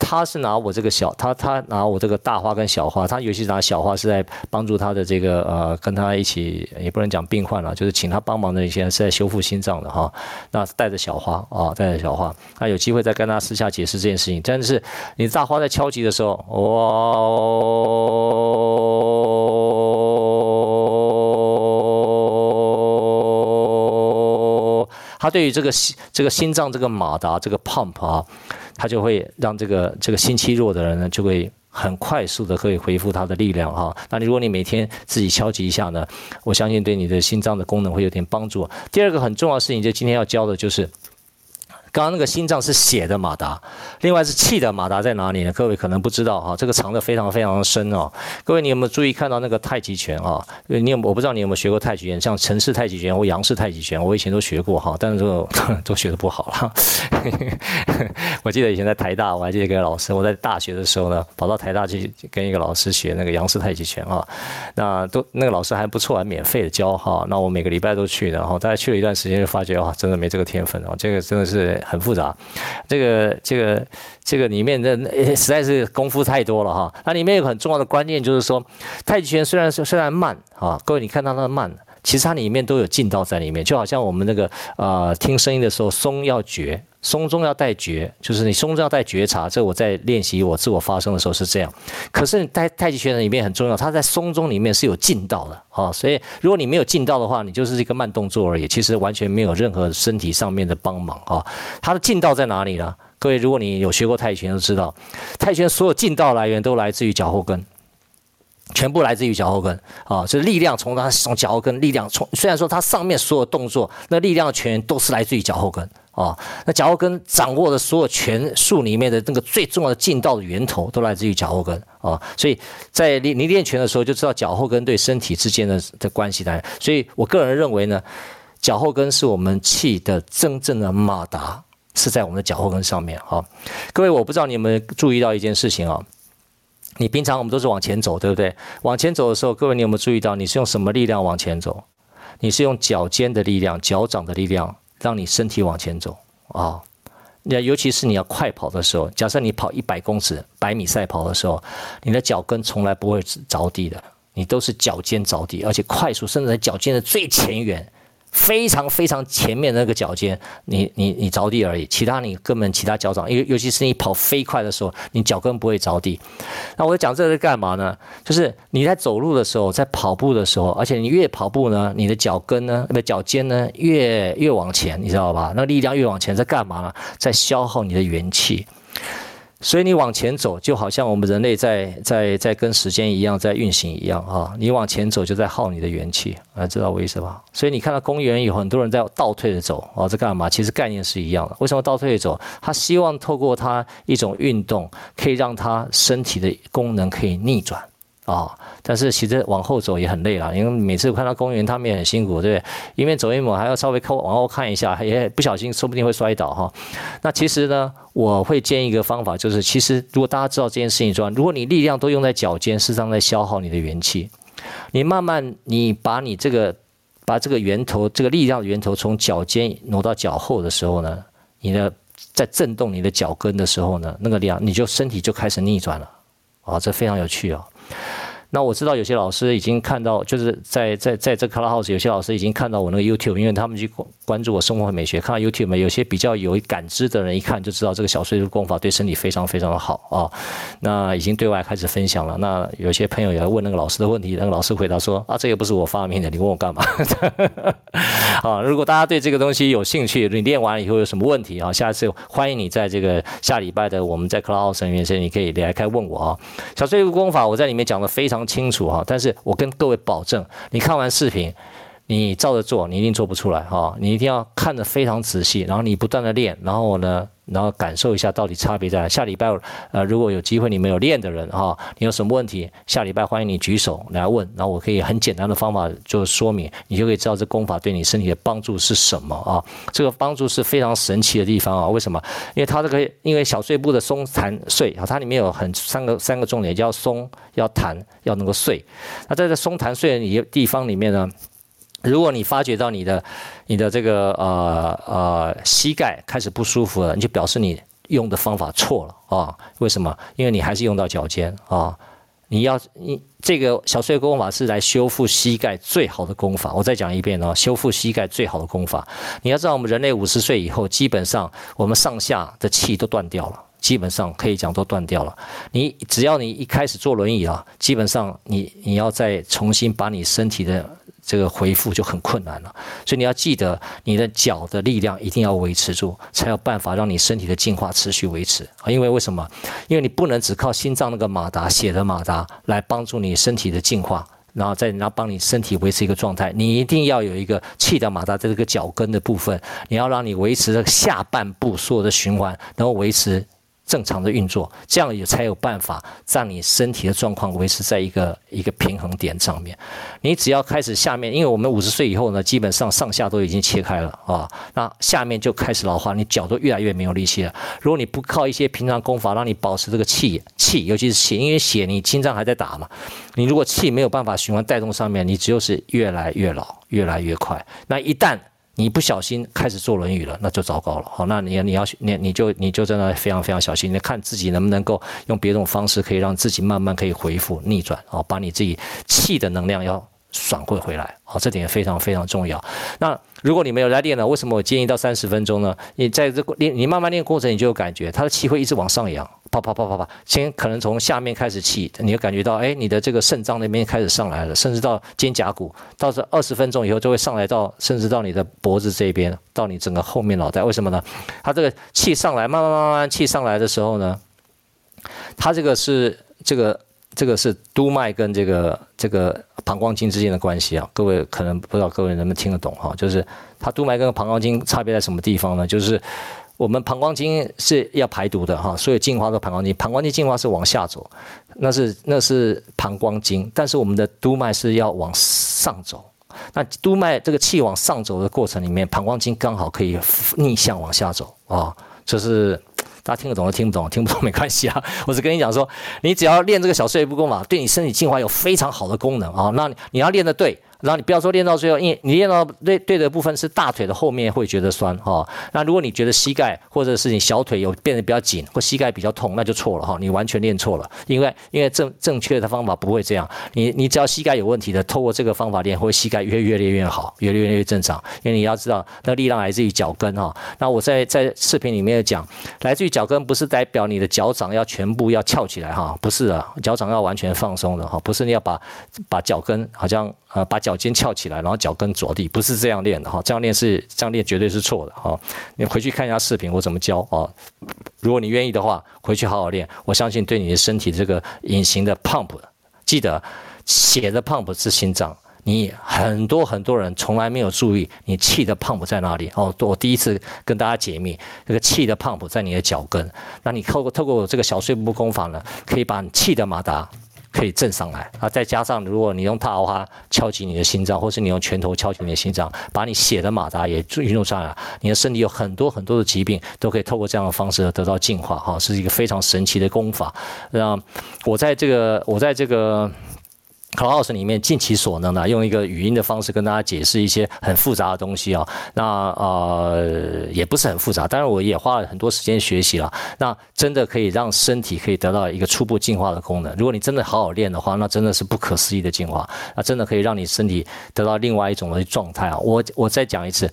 [SPEAKER 1] 他是拿我這個小他他拿我這個大花跟小花，他尤其是拿小花是在幫助他的這個呃，跟他一起也不能講病患了，就是請他幫忙的一些人是在修復心臟的哈，那帶着小花啊，帶着小花，那有機會再跟他私下解釋這件事情。但是你大花在敲擊的時候，哦，哦，哦哦哦哦哦，他對於這個，這個心這個心臟這個馬達這個 pump 啊。它就會讓這個這個心氣弱的人呢，就會很快速的可以恢復他的力量哈。那你如果你每天自己敲擊一下呢，我相信對你的心臟的功能會有點幫助。第二個很重要的事情，就今天要教的就是。剛剛那個心臟是血的馬達，另外是氣的馬達在哪裡呢？各位可能不知道哈，這個藏的非常非常深哦。各位你有沒有注意看到那個太極拳啊？你有，我不知道你有沒有學過太極拳，像陳氏太極拳或楊氏太極拳，我以前都學過哈，但是都都學得不好了。 我記得以前在台大，我還記得一個老師，我在大學的時候呢，跑到台大去跟一個老師學那個楊氏太極拳啊。那都那個老師還不錯，還免費的教哈。那我每個禮拜都去，然後大家去了一段時間就發覺哇，真的沒這個天分哦，這個真的是。很複雜，這個、這個、這個裡面的實在是功夫太多了哈。那裡面有很重要的觀念，就是說，太極拳雖然雖然慢啊，各位你看到它的慢，其實它裡面都有勁道在裡面，就好像我們那個呃聽聲音的時候，鬆要絕。鬆中要帶覺，就是你鬆中要帶覺察。這我在練習我自我發聲的時候是這樣。可是你太太極拳裡面很重要，它在鬆中裡面是有勁道的啊、哦。所以如果你沒有勁道的話，你就是一個慢動作而已。其實完全沒有任何身體上面的幫忙啊、哦。它的勁道在哪裡呢？各位，如果你有學過太極拳，都知道太極拳所有勁道來源都來自於腳後跟，全部來自於腳後跟啊。就、哦、力量從它從腳後跟，力量從雖然說它上面所有動作，那力量的全都是來自於腳後跟。哦，那腳後跟掌握的所有拳術裡面的那個最重要的勁道的源頭都來自於腳後跟哦，所以在練你練拳的時候就知道腳後跟對身體之間的的關係了。所以我個人認為呢，腳後跟是我們氣的真正的馬達，是在我們的腳後跟上面。好、哦，各位，我不知道你們注意到一件事情啊、哦，你平常我們都是往前走，對不對？往前走的時候，各位你有沒有注意到你是用什麼力量往前走？你是用腳尖的力量、腳掌的力量？讓你身體往前走啊！那、哦、尤其是你要快跑的時候，假設你跑一百公尺、百米賽跑的時候，你的腳跟從來不會着地的，你都是腳尖着地，而且快速，甚至在腳尖的最前緣。非常非常前面的那個腳尖，你你你着地而已，其他你根本其他腳掌，尤尤其是你跑飛快的時候，你腳跟不會着地。那我講這個是幹嘛呢？就是你在走路的時候，在跑步的時候，而且你越跑步呢，你的腳跟呢，那腳尖呢，越越往前，你知道吧？那力量越往前，在幹嘛呢？在消耗你的元氣。所以你往前走，就好像我們人類在在在跟時間一樣在運行一樣啊！你往前走就在耗你的元氣，啊，知道我意思嗎？所以你看到公園有很多人在倒退的走啊，在幹嘛？其實概念是一樣的。為什麼倒退的走？他希望透過他一種運動，可以讓他身體的功能可以逆轉。啊、哦，但是其實往後走也很累了，因為每次看到公園，他們也很辛苦，對不對？因為走一步還要稍微往後看一下，也不小心，說不定會摔倒哈。那其實呢，我會建議一個方法，就是其實如果大家知道這件事情，說如果你力量都用在腳尖，實際上在消耗你的元氣。你慢慢，你把你這個把這個源頭，這個力量的源頭從腳尖挪到腳後的時候呢，你的在震動你的腳跟的時候呢，那個量你就身體就開始逆轉了。啊、哦，這非常有趣哦。那我知道有些老師已經看到，就是在在在這 Clubhouse 有些老師已經看到我那個 YouTube，因為他們去關注我生活和美學，看到 YouTube 有些比較有感知的人，一看就知道這個小碎步功法對身體非常非常的好啊、哦。那已經對外開始分享了。那有些朋友也要問那個老師的問題，那個老師回答說啊，這個不是我發明的，你問我幹嘛？啊、 哦，如果大家對這個東西有興趣，你練完以後有什麼問題啊、哦，下一次歡迎你在這個下禮拜的我們在 Clubhouse 裡面，所以你可以連開問我啊、哦。小碎步功法我在裡面講得非常。清楚哈，但是我跟各位保證，你看完視頻，你照着做，你一定做不出來哈。你一定要看得非常仔細，然後你不斷地練，然後我呢。然後感受一下到底差別在哪。下禮拜，呃，如果有機會你沒有練的人哈、哦，你有什麼問題？下禮拜歡迎你舉手來問，然後我可以很簡單的方法就說明，你就可以知道這功法對你身體的幫助是什麼啊、哦。這個幫助是非常神奇的地方啊、哦。為什麼？因為它這個因為小碎步的鬆彈碎它裡面有很三個三個重點，叫鬆、要彈、要能夠碎。那在這鬆彈碎的地方裡面呢？如果你發覺到你的你的這個呃呃膝蓋開始不舒服了，你就表示你用的方法錯了啊。為什麼？因為你還是用到腳尖啊！你要你這個小碎功法是來修復膝蓋最好的功法。我再講一遍哦，修復膝蓋最好的功法。你要知道，我們人類五十歲以後，基本上我們上下的氣都斷掉了，基本上可以講都斷掉了。你只要你一開始坐輪椅了，啊，基本上你你要再重新把你身體的。這個回復就很困難了，所以你要記得，你的腳的力量一定要維持住，才有辦法讓你身體的淨化持續維持啊！因為爲什麼？因為你不能只靠心臟那個馬達、血的馬達來幫助你身體的淨化，然後再然後幫你身體維持一個狀態。你一定要有一個氣的馬達，在這個腳跟的部分，你要讓你維持下半部所有的循環，然後維持。正常的運作，這樣也才有辦法讓你身體的狀況維持在一個一個平衡點上面。你只要開始下面，因為我們五十歲以後呢，基本上上下都已經切開了啊，那下面就開始老化，你腳都越來越沒有力氣了。如果你不靠一些平常功法，讓你保持這個氣氣，尤其是血，因為血你心臟還在打嘛，你如果氣沒有辦法循環帶動上面，你只有是越來越老，越來越快。那一旦你不小心開始坐輪椅了，那就糟糕了。好，那你你要你你就你就在那非常非常小心，你看自己能不能夠用別種方式，可以讓自己慢慢可以回復逆轉。哦，把你自己氣的能量要。爽會回來啊，哦，這點也非常非常重要。那如果你沒有在練呢，為什麼我建議到三十分鐘呢？你在這練，你慢慢練過程，你就有感覺，它的氣會一直往上揚，啪啪啪啪啪。先可能從下面開始氣，你就感覺到，哎，你的這個腎臟那邊開始上來了，甚至到肩胛骨。到這二十分鐘以後，就會上來到，甚至到你的脖子這邊，到你整個後面腦袋。為什麼呢？它這個氣上來，慢慢慢慢氣上來的時候呢，它這個是這個這個是督脈跟這個這個。膀胱經之間的關係啊，各位可能不知道，各位能不能聽得懂哈？就是它督脈跟膀胱經差別在什麼地方呢？就是我們膀胱經是要排毒的哈，所以進化到膀胱經，膀胱經進化是往下走，那是那是膀胱經，但是我們的督脈是要往上走，那督脈這個氣往上走的過程裡面，膀胱經剛好可以逆向往下走啊，這、就是。大家聽得懂的聽不懂，聽不懂沒關係啊。我只跟你講說，你只要練這個小碎步功法，對你身體淨化有非常好的功能啊、哦。那你，你要練得對。然後你不要說練到最後，因為你練到對對的部分是大腿的後面會覺得酸哈。那如果你覺得膝蓋或者是你小腿有變得比較緊，或膝蓋比較痛，那就錯了哈，你完全練錯了。因為因為正正確的方法不會這樣，你你只要膝蓋有問題的，透過這個方法練，會膝蓋越越練越好，越練越正常。因為你要知道，那力量來自於腳跟哈。那我在在視頻裡面講，來自於腳跟，不是代表你的腳掌要全部要翹起來哈，不是啊，腳掌要完全放鬆的哈，不是你要把把腳跟好像。把腳尖翹起來，然後腳跟着地，不是這樣練的哈。這樣練是這樣練，絕對是錯的哈。你回去看一下視頻，我怎麼教啊？如果你願意的話，回去好好練。我相信對你的身體這個隱形的 pump，記得血的 pump 是心臟，你很多很多人從來沒有注意你氣的 pump 在哪裡哦。我第一次跟大家解密，這個氣的 pump 在你的腳跟。那你透過透過這個小碎步功法呢，可以把你氣的馬達。可以震上來啊！再加上，如果你用桃花敲擊你的心臟，或是你用拳頭敲擊你的心臟，把你血的馬達也運用上來了，你的身體有很多很多的疾病都可以透過這樣的方式得到淨化。哈，是一個非常神奇的功法。那我在這個，我在這個。Clubhouse 裡面盡其所能的用一個語音的方式跟大家解釋一些很複雜的東西啊、哦，那呃也不是很複雜，當然我也花了很多時間學習了，那真的可以讓身體可以得到一個初步進化的功能。如果你真的好好練的話，那真的是不可思議的進化，那真的可以讓你身體得到另外一種的狀態啊。我我再講一次。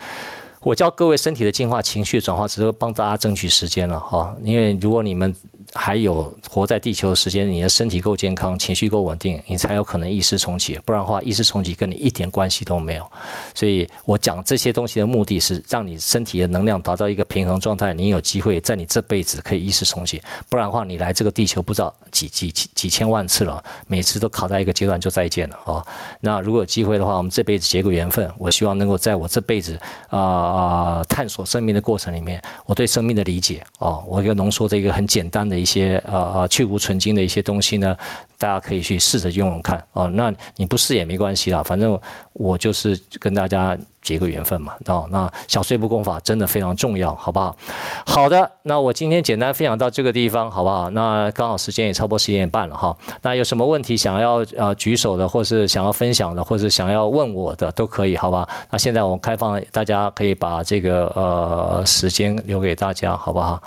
[SPEAKER 1] 我教各位身體的淨化、情緒轉化，只是幫大家爭取時間了哈、哦。因為如果你們還有活在地球的時間，你的身體夠健康、情緒夠穩定，你才有可能意識重啟。不然的話，意識重啟跟你一點關係都沒有。所以我講這些東西的目的是讓你身體的能量達到一個平衡狀態，你有機會在你這輩子可以意識重啟。不然的話，你來這個地球不知道幾幾幾幾千萬次了，每次都卡在一個階段就再見了哈、哦，那如果有機會的話，我們這輩子結個緣分，我希望能夠在我這輩子啊。呃啊、呃，探索生命的過程裡面，我對生命的理解啊、哦，我一個濃縮的一個很簡單的一些呃呃去蕪存菁的一些東西呢。大家可以去試着用用看哦，那你不試也沒關係啦，反正我就是跟大家結個緣分嘛，哦，那小碎步功法真的非常重要，好不好？好的，那我今天簡單分享到這個地方，好不好？那剛好時間也差不多十一點半了哈、哦，那有什麼問題想要呃舉手的，或是想要分享的，或是想要問我的都可以，好吧？那現在我們開放，大家可以把這個呃時間留給大家，好不好？啊、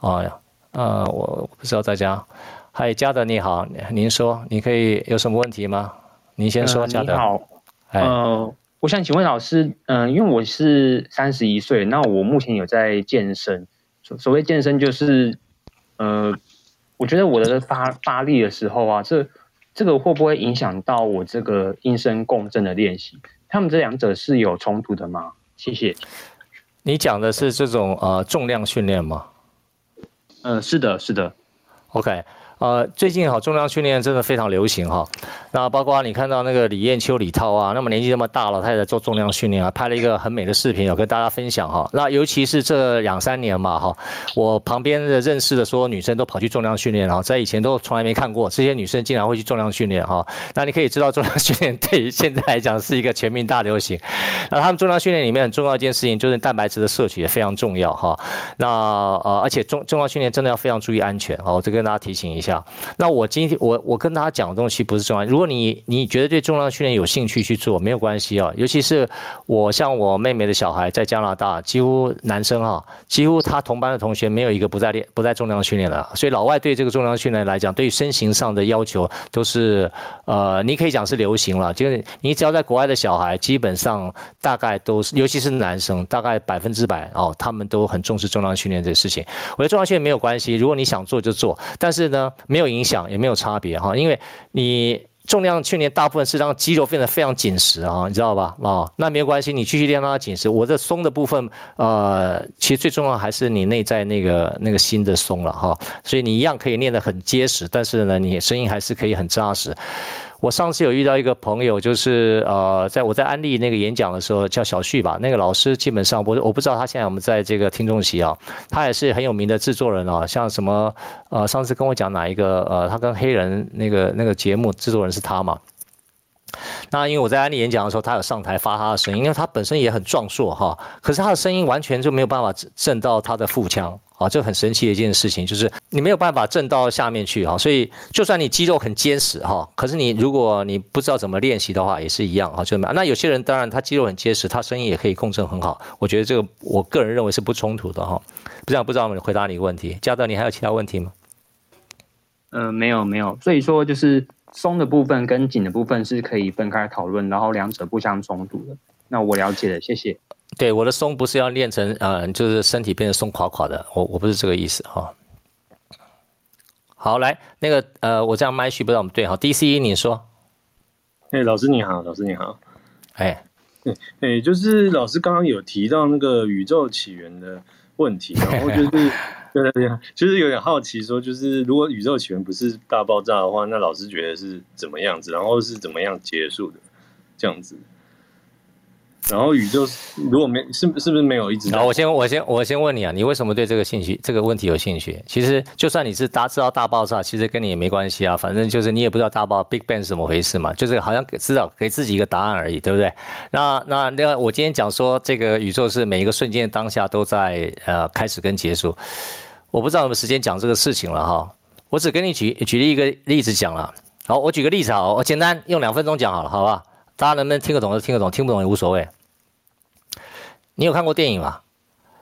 [SPEAKER 1] 哦，呃我，我不知道大家。嗨，嘉德，你好。您說，你可以有什麼問題嗎？您先說，嘉、呃、德。你好 Hi,、呃。我想請問老師，嗯、呃，因為我是三十一歲，那我目前有在健身，所所謂健身就是，呃，我覺得我的發發力的時候啊，這這個會不會影響到我這個音聲共振的練習？他們這兩者是有衝突的嗎？謝謝。你講的是這種呃重量訓練嗎？嗯、呃，是的，是的。OK。呃，最近哈，重量訓練真的非常流行哈、哦。那包括你看到那個李艷秋、李濤啊，那麼年紀這麼大了，他也在做重量訓練啊，拍了一個很美的視頻，有跟大家分享哈。那尤其是這兩三年嘛哈，我旁邊的認識的所有女生都跑去重量訓練，然後在以前都從來沒看過這些女生竟然會去重量訓練哈。那你可以知道，重量訓練對於現在來講是一個全民大流行。那他們重量訓練裡面很重要一件事情就是蛋白質的攝取也非常重要哈。那呃，而且重重量訓練真的要非常注意安全啊，我再跟大家提醒一下。那我今天我我跟大家講的東西不是重量，如果你你覺得對重量訓練有興趣去做沒有關係啊、哦，尤其是我像我妹妹的小孩在加拿大，幾乎男生哈，幾乎他同班的同學沒有一個不在練、不在重量訓練了。所以老外對這個重量訓練來講，對於身形上的要求都是，呃，你可以講是流行了，就是你只要在國外的小孩，基本上大概都是，尤其是男生，大概百分之百哦，他們都很重視重量訓練這個事情。我覺得重量訓練沒有關係，如果你想做就做，但是呢，沒有影響也沒有差別哈，因為你。重量訓練大部分是讓肌肉變得非常緊實啊，你知道吧？啊，那沒有關係，你繼續練讓它緊實。我這鬆的部分，呃，其實最重要還是你內在那個那個心的鬆了哈，所以你一樣可以練得很結實，但是呢，你聲音還是可以很紮實。我上次有遇到一個朋友，就是呃，在我在安利那個演講的時候，叫小旭吧，那個老師基本上我我不知道他現在有沒有在這個聽眾席啊，他也是很有名的製作人啊，像什麼呃上次跟我講哪一個呃他跟黑人那個那個節目製作人是他嘛。那因為我在安利演講的時候，他有上台發他的聲音，因為他本身也很壯碩哈，可是他的聲音完全就沒有辦法震到他的腹腔啊，這很神奇的一件事情，就是你沒有辦法震到下面去啊。所以就算你肌肉很結實哈，可是你如果你不知道怎麼練習的話，也是一樣哈，就沒有那有些人當然他肌肉很結實，他聲音也可以共振很好。我覺得這個我個人認為是不衝突的哈。不知道不知道我們回答你一個問題，嘉德，你還有其他問題嗎？嗯、呃，沒有沒有，所以說就是。鬆的部分跟緊的部分是可以分開討論，然後兩者不相衝突的。那我了解了，謝謝。對，我的鬆不是要練成，呃，就是身體變得鬆垮垮的，我我不是這個意思哈、哦。好，來，那個，呃，我這樣麥序不知道我們對哈。哦、DCE，你說。哎，老師你好，老師你好。哎，對，哎，就是老師剛剛有提到那個宇宙起源的問題，然後就是 對對對，就是有點好奇，說就是如果宇宙起源不是大爆炸的話，那老師覺得是怎麼樣子？然後是怎麼樣結束的？這樣子？然後宇宙如果沒是是不是沒有一直？那、啊、我先我先我先問你啊，你為什麼對這個興趣這個問題有興趣？其實就算你是大知道大爆炸，其實跟你也沒關係啊，反正就是你也不知道大爆 Big Bang 是怎麼回事嘛，就是好像知道給自己一個答案而已，對不對？那那那我今天講說，這個宇宙是每一個瞬間的當下都在呃開始跟結束。我不知道有沒有時間講這個事情了哈，我只跟你舉舉例一個例子講了。好，我舉個例子啊，我簡單用兩分鐘講好了，好不好？大家能不能聽得懂就聽得懂，聽不懂也無所謂。你有看過電影嗎？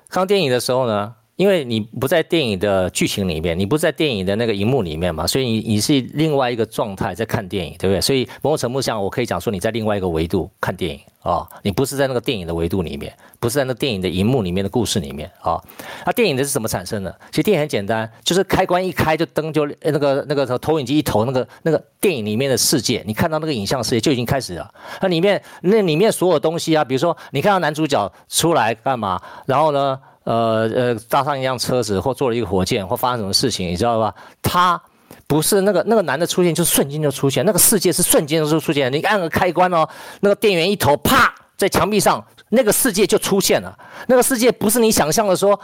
[SPEAKER 1] 看電影的時候呢？因為你不在電影的劇情裡面，你不在電影的那個熒幕裡面嘛，所以你你是另外一個狀態在看電影，對不對？所以某種程度上，我可以講說你在另外一個維度看電影哦，你不是在那個電影的維度裡面，不是在那個電影的熒幕裡面的故事裡面、哦、啊。那電影的是怎麼產生的？其實電影很簡單，就是開關一開就燈就那個那個投影機一投，那個那個電影裡面的世界，你看到那個影像世界就已經開始了。那、啊、裡面那裡面所有東西啊，比如說你看到男主角出來幹嘛，然後呢？呃呃，搭上一輛車子，或坐了一個火箭，或發生什麼事情，你知道吧？他不是那個那個男的出現，就是瞬間就出現，那個世界是瞬間就出現。你按個開關哦，那個電源一頭啪，在牆壁上，那個世界就出現了。那個世界不是你想象的說，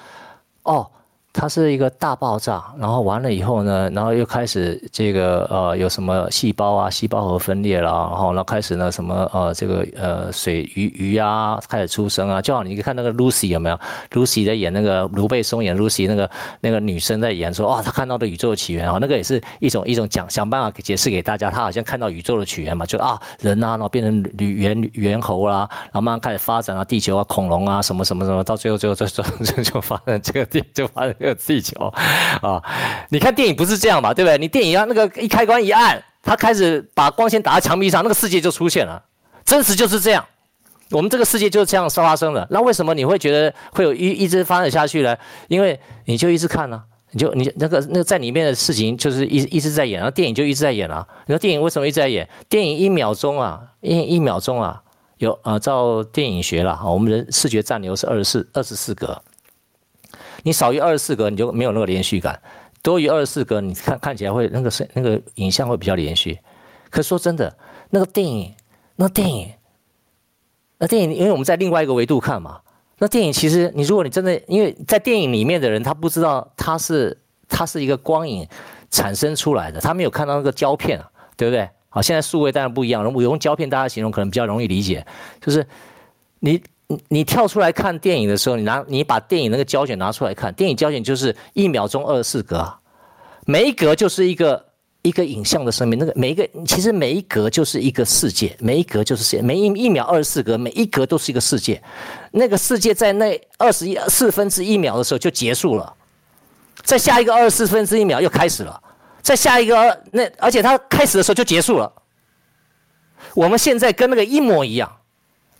[SPEAKER 1] 哦。它是一個大爆炸，然後完了以後呢，然後又開始這個呃有什麼細胞啊，細胞核分裂了，然後然後開始呢什麼呃這個呃水魚魚啊開始出生啊，就好你看那個 Lucy 有沒有？Lucy 在演那個盧貝松演 Lucy 那個那個女生在演說，說哦，她看到的宇宙的起源啊，那個也是一種一種講想辦法解釋給大家，她好像看到宇宙的起源嘛，就啊人啊然後變成猿猿猴啦、啊，然後慢慢開始發展啊地球啊恐龍啊什麼什麼什麼，到最後最後再就發展這個就發展。就發生沒有技巧啊！你看電影不是這樣嘛？對不對？你電影要、啊、那個一開關一按，它開始把光線打在牆壁上，那個世界就出現了。真實就是這樣，我們這個世界就是這樣發生的。那為什麼你會覺得會有一一直發展下去呢？因為你就一直看呢、啊，你就你那個那個在裡面的事情就是一一直在演，然後電影就一直在演啊。你說電影為什麼一直在演？電影一秒鐘啊，一一秒鐘啊，有啊、呃，照電影學了，我們人視覺暫留是二十四二十四格。你少於二十四格，你就沒有那個連續感；多於二十四格，你看看起來會那個是那個影像會比較連續。可說真的，那個電影，那個、電影，那電影，因為我們在另外一個維度看嘛。那電影其實你如果你真的，因為在電影裡面的人，他不知道它是它是一個光影產生出來的，他沒有看到那個膠片啊，對不對？好，現在數位當然不一樣，如果用膠片，大家形容可能比較容易理解，就是你。你你跳出來看電影的時候，你拿你把電影那個膠卷拿出來看，電影膠卷就是一秒鐘二十四格，每一格就是一個一個影像的生命，那個每一個其實每一格就是一個世界，每一格就是世界，每一一秒二十四格，每一格都是一個世界，那個世界在那二十一四分之一秒的時候就結束了，在下一個二十四分之一秒又開始了，在下一個那而且它開始的時候就結束了，我們現在跟那個一模一樣。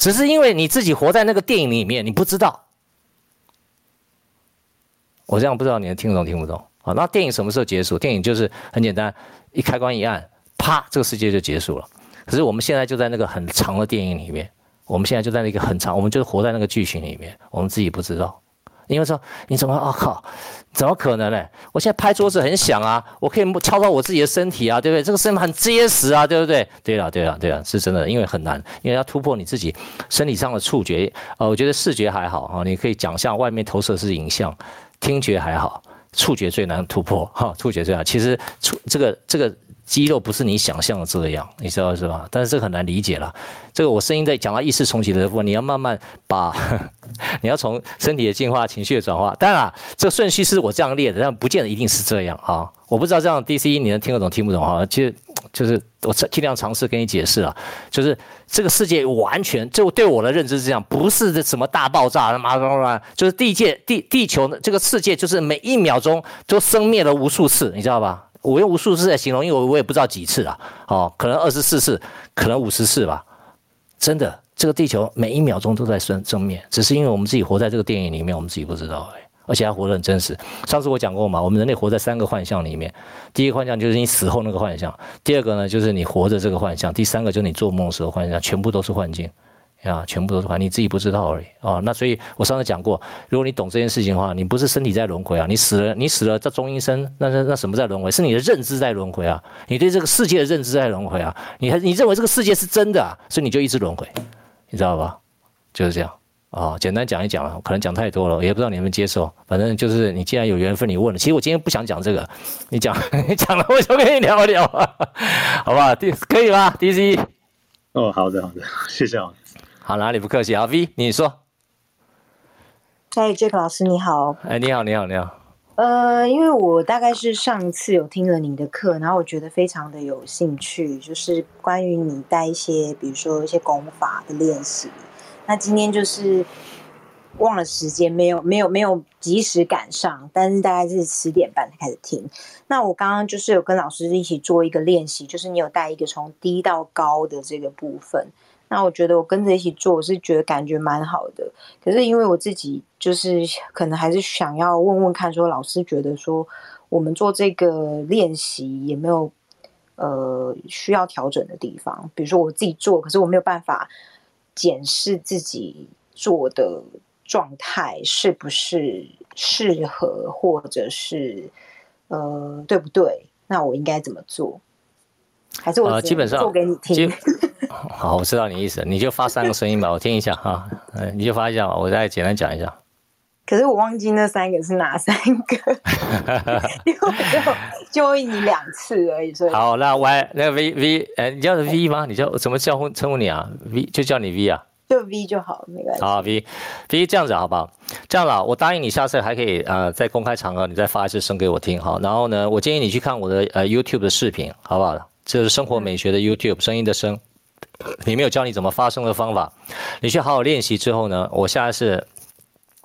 [SPEAKER 1] 只是因為你自己活在那個電影裡面，你不知道。我這樣不知道你能聽懂聽不懂啊？那電影什麼時候結束？電影就是很簡單，一開關一按，啪，這個世界就結束了。可是我們現在就在那個很長的電影裡面，我們現在就在那個很長，我們就是活在那個劇情裡面，我們自己不知道。因為說你怎麼啊、哦、靠，怎麼可能呢？我現在拍桌子很響啊，我可以摸敲到我自己的身體啊，對不對？這個身體很結實啊，對不對？對了、啊，對了、啊，對了、啊啊、是真的，因為很難，因為要突破你自己身體上的觸覺。呃，我覺得視覺還好哈、哦，你可以講一下外面投射是影像，聽覺還好，觸覺最難突破哈、哦，觸覺最難。其實觸這個這個。這個肌肉不是你想象的這樣，你知道是吧？但是這很難理解了。這個我聲音在講到意識重啟的時候，你要慢慢把呵呵，你要從身體的淨化、情緒的轉化。當然了，這個順序是我這樣列的，但不見得一定是這樣啊。我不知道這樣 D C E 你能聽得懂聽不懂啊？其實就是我盡量嘗試跟你解釋了啊，就是這個世界完全，就對我的認知是這樣，不是這什麼大爆炸，他媽的，就是地界地地球的這個世界就是每一秒鐘都生滅了無數次，你知道吧？我用無數次來形容，因為我我也不知道幾次了、啊，哦，可能二十四次，可能五十次吧。真的，這個地球每一秒鐘都在生生滅，只是因為我們自己活在這個電影裡面，我們自己不知道、欸、而且還活得很真實。上次我講過嘛，我們人類活在三個幻象裡面，第一個幻象就是你死後那個幻象，第二個呢就是你活着這個幻象，第三個就是你做夢時候的幻象，全部都是幻境。啊、yeah，全部都是話，你自己不知道而已啊、哦。那所以我上次講過，如果你懂這件事情的話，你不是身體在輪回啊，你死了，你死了在中陰身，那那那什麼在輪回？是你的認知在輪回啊，你對這個世界的認知在輪回啊。你還你認為這個世界是真的啊，所以你就一直輪回，你知道吧？就是這樣啊、哦。簡單講一講啊，可能講太多了，也不知道你能不能接受。反正就是你既然有緣分，你問了。其實我今天不想講這個，你講你講了，我就跟你聊聊，好不好？可以嗎？DC，哦，好的好的，謝謝啊。好，哪裡不客氣、啊。阿 V，你說。
[SPEAKER 2] 哎，Jack 老師，你好。哎、
[SPEAKER 1] 欸，你好，你好，你好。
[SPEAKER 2] 呃，因為我大概是上一次有聽了你的課，然後我覺得非常的有興趣，就是關於你帶一些，比如說一些功法的練習。那今天就是忘了時間，沒有，沒有，沒有及時趕上，但是大概是十點半才開始聽。那我剛剛就是有跟老師一起做一個練習，就是你有帶一個從低到高的這個部分。那我覺得我跟着一起做，我是覺得感覺蠻好的。可是因為我自己就是可能還是想要問問看，說老師覺得說我們做這個練習也沒有呃需要調整的地方。比如說我自己做，可是我沒有辦法檢視自己做的狀態是不是適合，或者是呃對不對？那我應該怎麼做？還是我做給你聽。
[SPEAKER 1] 好，我知道你意思，你就發三個聲音吧，我聽一下哈、啊。你就發一下吧，我再簡單講一下。
[SPEAKER 2] 可是我忘記那三個是哪三
[SPEAKER 1] 個，我
[SPEAKER 2] 就問你兩次而
[SPEAKER 1] 已。所以好，那 y, 那個 V V，哎、你叫的 V 嗎？你叫怎麼稱呼稱呼你啊？V 就叫你 V 啊，就
[SPEAKER 2] V 就好，沒關
[SPEAKER 1] 係。好，V V 這樣子好不好？這樣了，我答應你，下次還可以啊、呃，在公開場合你再發一次聲給我聽好。然後呢，我建議你去看我的呃 YouTube 的視頻，好不好？這是聲活美學的 YouTube 聲音的聲，裡面有教你怎麼發聲的方法，你去好好練習之後呢，我下一次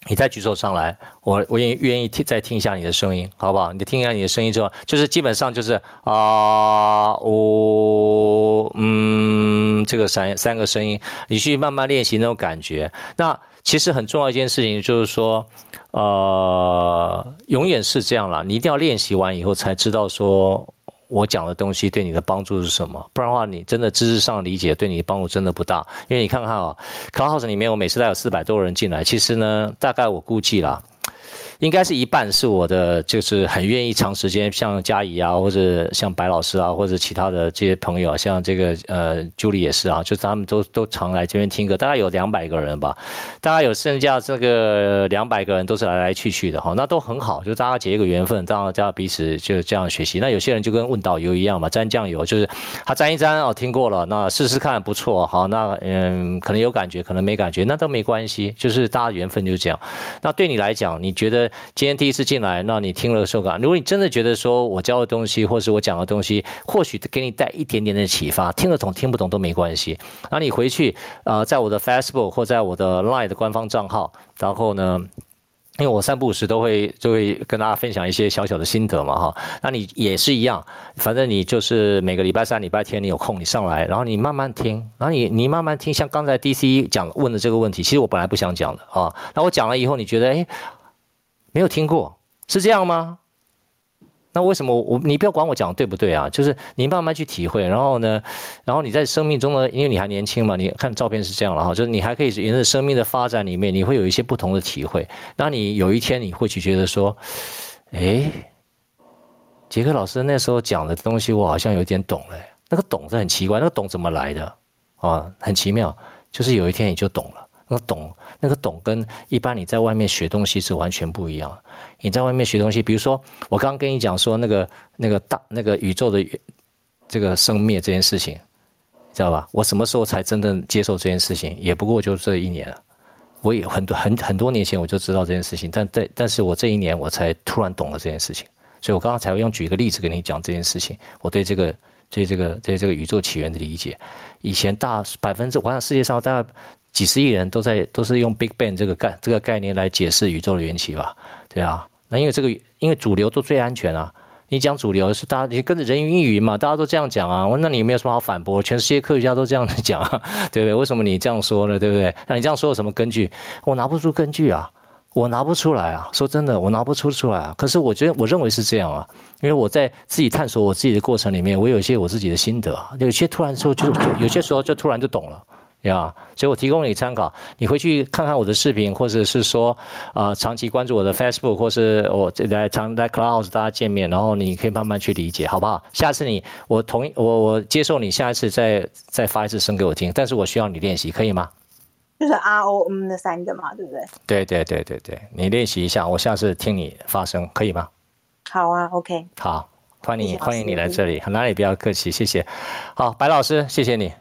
[SPEAKER 1] 你再舉手上來，我我願意願意聽再聽一下你的聲音，好不好？你聽一下你的聲音之後，就是基本上就是啊嗚、哦、嗯這個三三個聲音，你去慢慢練習那種感覺。那其實很重要一件事情就是說，呃，永遠是這樣啦，你一定要練習完以後才知道說。我講的東西對你的幫助是什麼？不然的話，你真的知識上的理解對你的幫助真的不大。因為你看看啊，Clubhouse 裡面我每次都有四百多人進來，其實呢，大概我估計啦。應該是一半是我的，就是很願意長時間，像佳怡啊，或者像白老師啊，或者其他的這些朋友，啊，像這個呃朱莉也是啊，就是他們都都常來這邊聽歌，大概有兩百個人吧，大概有剩下這個兩百個人都是來來去去的哈，那都很好，就大家結一個緣分，大家彼此就這樣學習。那有些人就跟問導遊一樣嘛，沾醬油，就是他沾一沾哦，聽過了，那試試看不錯好，那嗯可能有感覺，可能沒感覺，那都沒關係，就是大家緣分就這樣。那對你來講，你覺得？今天第一次進來，那你聽了受感。如果你真的覺得說我教的東西，或是我講的東西，或許給你帶一點點的啟發，聽得懂聽不懂都沒關係。那你回去啊、呃，在我的 Facebook 或在我的 Line 的官方賬號，然後呢，因為我三不五時都會就會跟大家分享一些小小的心得嘛，哈。那你也是一樣，反正你就是每個禮拜三、禮拜天，你有空你上來，然後你慢慢聽，然後你你慢慢聽。像剛才 DC 講問的這個問題，其實我本來不想講的啊。那我講了以後，你覺得哎？誒沒有聽過，是這樣嗎？那為什麼我，你不要管我講的對不對啊，就是你慢慢去體會，然後呢，然後你在生命中呢，因為你還年輕嘛，你看照片是這樣了哈，就是你還可以沿着生命的發展裡面，你會有一些不同的體會。那你有一天你會去覺得說，哎，傑克老師那時候講的東西，我好像有點懂了。那個懂是很奇怪，那個懂怎麼來的啊？很奇妙，就是有一天你就懂了。那個、懂，那個懂跟一般你在外面學東西是完全不一樣的。你在外面學東西，比如說我剛剛跟你講說那個那個大那個宇宙的這個生滅這件事情，知道吧？我什麼時候才真正接受這件事情？也不過就這一年了。我也很多很很多年前我就知道這件事情，但但但是我這一年我才突然懂了這件事情。所以我剛剛才會用舉一個例子跟你講這件事情。我對這個對這個對這個宇宙起源的理解，以前大百分之我想世界上大概。幾十億人都在都是用 Big Bang 這個概、這個概念來解釋宇宙的緣起吧，對啊,那因為這個因為主流都最安全啊，你講主流是大家你跟着人云亦云、云嘛，大家都這樣講啊，我那你有沒有什麼好反駁？全世界科學家都這樣講講、啊，對不對？為什麼你這樣說了，對不對？那你這樣說有什麼根據？我拿不出根據啊，我拿不出來啊，說真的，我拿不出出來啊。可是我覺得我認為是這樣啊，因為我在自己探索我自己的過程裡面，我有一些我自己的心得，有些突然說就，就有些時候就突然就懂了。呀、yeah，所以我提供你參考，你回去看看我的視頻，或者是說，啊、呃，長期關注我的 Facebook，或是我在常在 Clubhouse 大家見面，然後你可以慢慢去理解，好不好？下次你，我同意，我我接受你下一次再再發一次聲給我聽，但是我需要你練習，可以嗎？
[SPEAKER 2] 就是 R O M 的三個嘛，對不
[SPEAKER 1] 對？對對對對對，你練習一下，我下次聽你發聲，可以嗎？
[SPEAKER 2] 好啊，OK。
[SPEAKER 1] 好，歡迎歡迎你來這裡，哪裡不要客氣，謝謝。好，白老師，謝謝你。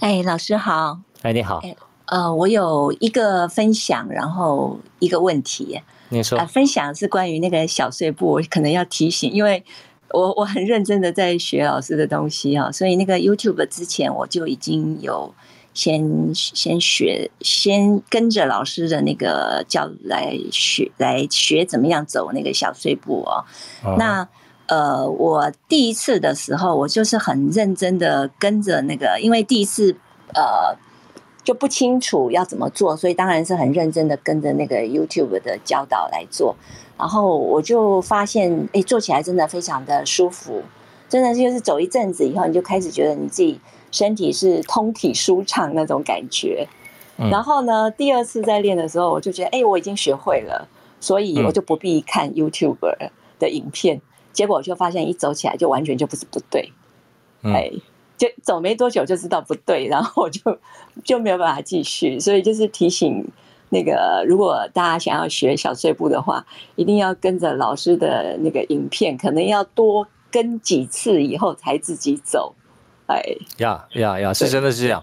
[SPEAKER 2] 哎，老師好。哎，你好。呃，我有一個分享，然後一個問題。你說啊，分享是關於那個小碎步，可能要提醒，因為我我很認真的在學老師的東西啊，所以那個 YouTube 之前我就已經有先先學，先跟着老師的那個教來學來學怎麼樣走那個小碎步哦，oh. 那。呃，我第一次的時候，我就是很認真的跟着那個，因為第一次呃就不清楚要怎麼做，所以當然是很認真的跟着那個 YouTube 的教導來做。然後我就發現，哎、欸，做起來真的非常的舒服，真的就是走一陣子以後，你就開始覺得你自己身體是通體舒暢那種感覺。然後呢，第二次再練的時候，我就覺得，哎、欸，我已經學會了，所以我就不必看 YouTuber 的影片。結果我就發現，一走起來就完全就不是不對，嗯，哎，就走沒多久就知道不對，然後就就沒有辦法繼續。所以就是提醒那個，如果大家想要學小碎步的話，一定要跟着老師的那個影片，可能要多跟幾次以後才自己走。
[SPEAKER 1] 哎呀呀呀！是真的是這樣。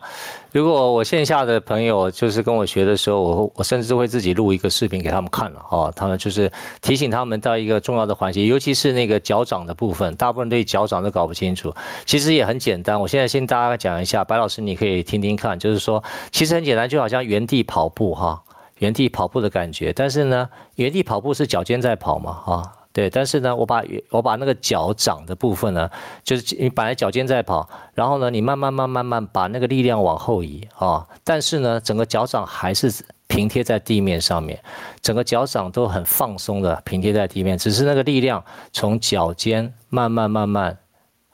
[SPEAKER 1] 如果我線下的朋友就是跟我學的時候，我我甚至會自己錄一個視頻給他們看了啊、哦。他們就是提醒他們到一個重要的環節，尤其是那個腳掌的部分，大部分對腳掌都搞不清楚。其實也很簡單，我現在先大家講一下，白老師你可以聽聽看，就是說其實很簡單，就好像原地跑步哈、哦，原地跑步的感覺。但是呢，原地跑步是腳尖在跑嘛。哈、哦？對，但是呢，我把我把那個腳掌的部分呢，就是你本來腳尖在跑，然後呢，你慢慢慢慢慢把那個力量往後移啊，哦，但是呢，整個腳掌還是平貼在地面上面，整個腳掌都很放鬆的平貼在地面，只是那個力量從腳尖慢慢慢慢。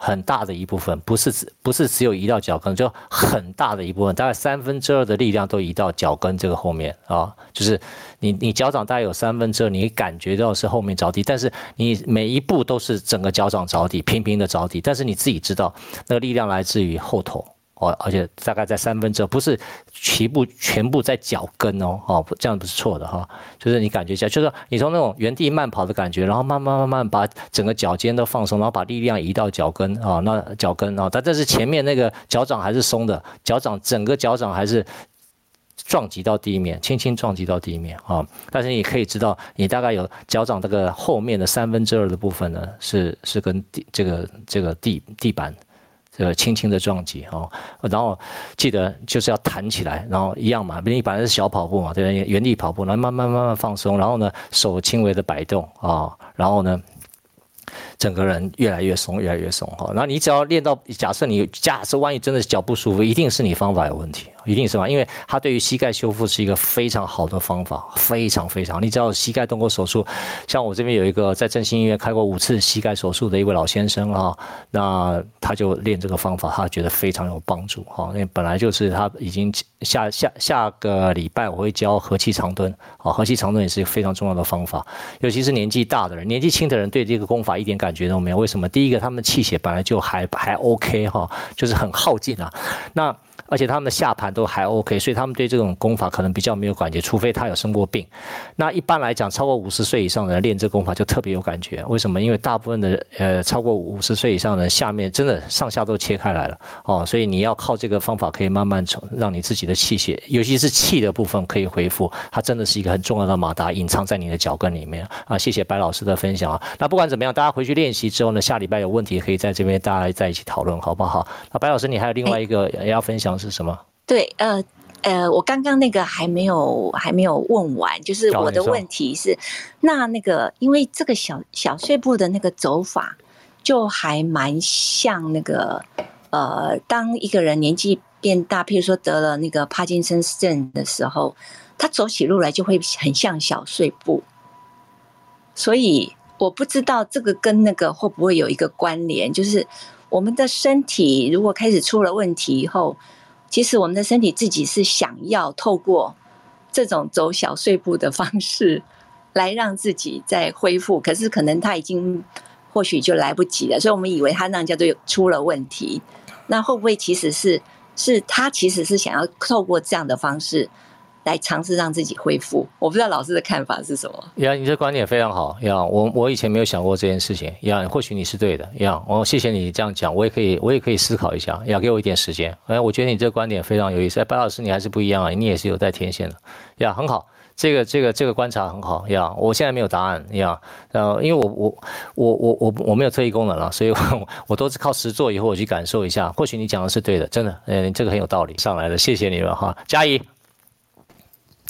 [SPEAKER 1] 很大的一部分，不是只不是只有移到腳跟，就很大的一部分，大概三分之二的力量都移到腳跟這個後面啊、哦，就是你你腳掌大概有三分之二，你感覺到是後面着地，但是你每一步都是整個腳掌着地，平平的着地，但是你自己知道那個力量來自於後頭。哦，而且大概在三分之二，不是全部全部在腳跟哦，哦，這樣不是錯的哈、哦。就是你感覺一下，就是說你從那種原地慢跑的感覺，然後慢慢慢慢把整個腳尖都放鬆，然後把力量移到腳跟啊、哦，那腳跟啊、哦，但是前面那個腳掌還是鬆的，腳掌整個腳掌還是撞擊到地面，輕輕撞擊到地面啊、哦。但是你可以知道，你大概有腳掌這個後面的三分之二的部分呢，是是跟地這個這個地地板，呃，輕輕的撞擊哦，然後記得就是要彈起來，然後一樣嘛，你本來是小跑步嘛，對，對，原地跑步，然後慢慢慢慢放鬆，然後呢手輕微的擺動啊，然後呢整個人越來越鬆，越來越鬆哈。然後你只要練到，假設你假設萬一真的腳不舒服，一定是你方法有問題。一定是吧，因為它對於膝蓋修復是一個非常好的方法，非常非常。你知道膝蓋動過手術，像我這邊有一個在振興醫院開過五次膝蓋手術的一位老先生啊，那他就練這個方法，他覺得非常有幫助哈。因為本來就是他已經下下下個禮拜我會教合氣長蹲啊，合氣長蹲也是一個非常重要的方法，尤其是年紀大的人，年紀輕的人對這個功法一點感覺都沒有。為什麼？第一個，他們的氣血本來就還還 OK 哈，就是很耗盡了啊。那。而且他們的下盤都還 OK，所以他們對這種功法可能比較沒有感覺，除非他有生過病。那一般來講，超過五十歲以上的人練這功法就特別有感覺。為什麼？因為大部分的呃，超過五十歲以上的人下面真的上下都切開來了哦，所以你要靠這個方法可以慢慢從讓你自己的氣血，尤其是氣的部分可以恢復。它真的是一個很重要的馬達，隱藏在你的腳跟裡面啊！謝謝白老師的分享啊。那不管怎麼樣，大家回去練習之後呢，下禮拜有問題可以在這邊大家再一起討論，好不好？那白老師，你還有另外一個也要分享。是什麼？
[SPEAKER 2] 對，呃，呃，我剛剛那個還沒有還沒有問完，就是我的問題是，那那個，因為這個小小碎步的那個走法，就還蠻像那個，呃，當一個人年紀變大，譬如說得了那個帕金森症的時候，他走起路來就會很像小碎步，所以我不知道這個跟那個會不會有一個關聯，就是我們的身體如果開始出了問題以後。其實我們的身體自己是想要透過這種走小碎步的方式來讓自己再恢復，可是可能他已經或許就來不及了，所以我們以為他那叫做出了問題。那會不會其實是是他其實是想要透過這樣的方式？來嘗試讓自己恢復，我不知道老師的看法是什麼？
[SPEAKER 1] 呀、yeah.，你這觀點非常好。呀、yeah.，我我以前沒有想過這件事情。呀、yeah.，或許你是對的。呀、yeah. 哦，我謝謝你這樣講，我也可以我也可以思考一下。呀、yeah.，給我一點時間。哎，我覺得你這觀點非常有意思。哎，白老師你還是不一樣啊，你也是有帶天線的。呀、yeah.，很好，這個這個這個觀察很好。呀、yeah.，我現在沒有答案。呀、yeah.，呃，因為我我我我我沒有特異功能了、啊，所以我我都是靠實做，以後我去感受一下。或許你講的是對的，真的，嗯、哎，這個很有道理。上來了，謝謝你了哈，嘉怡。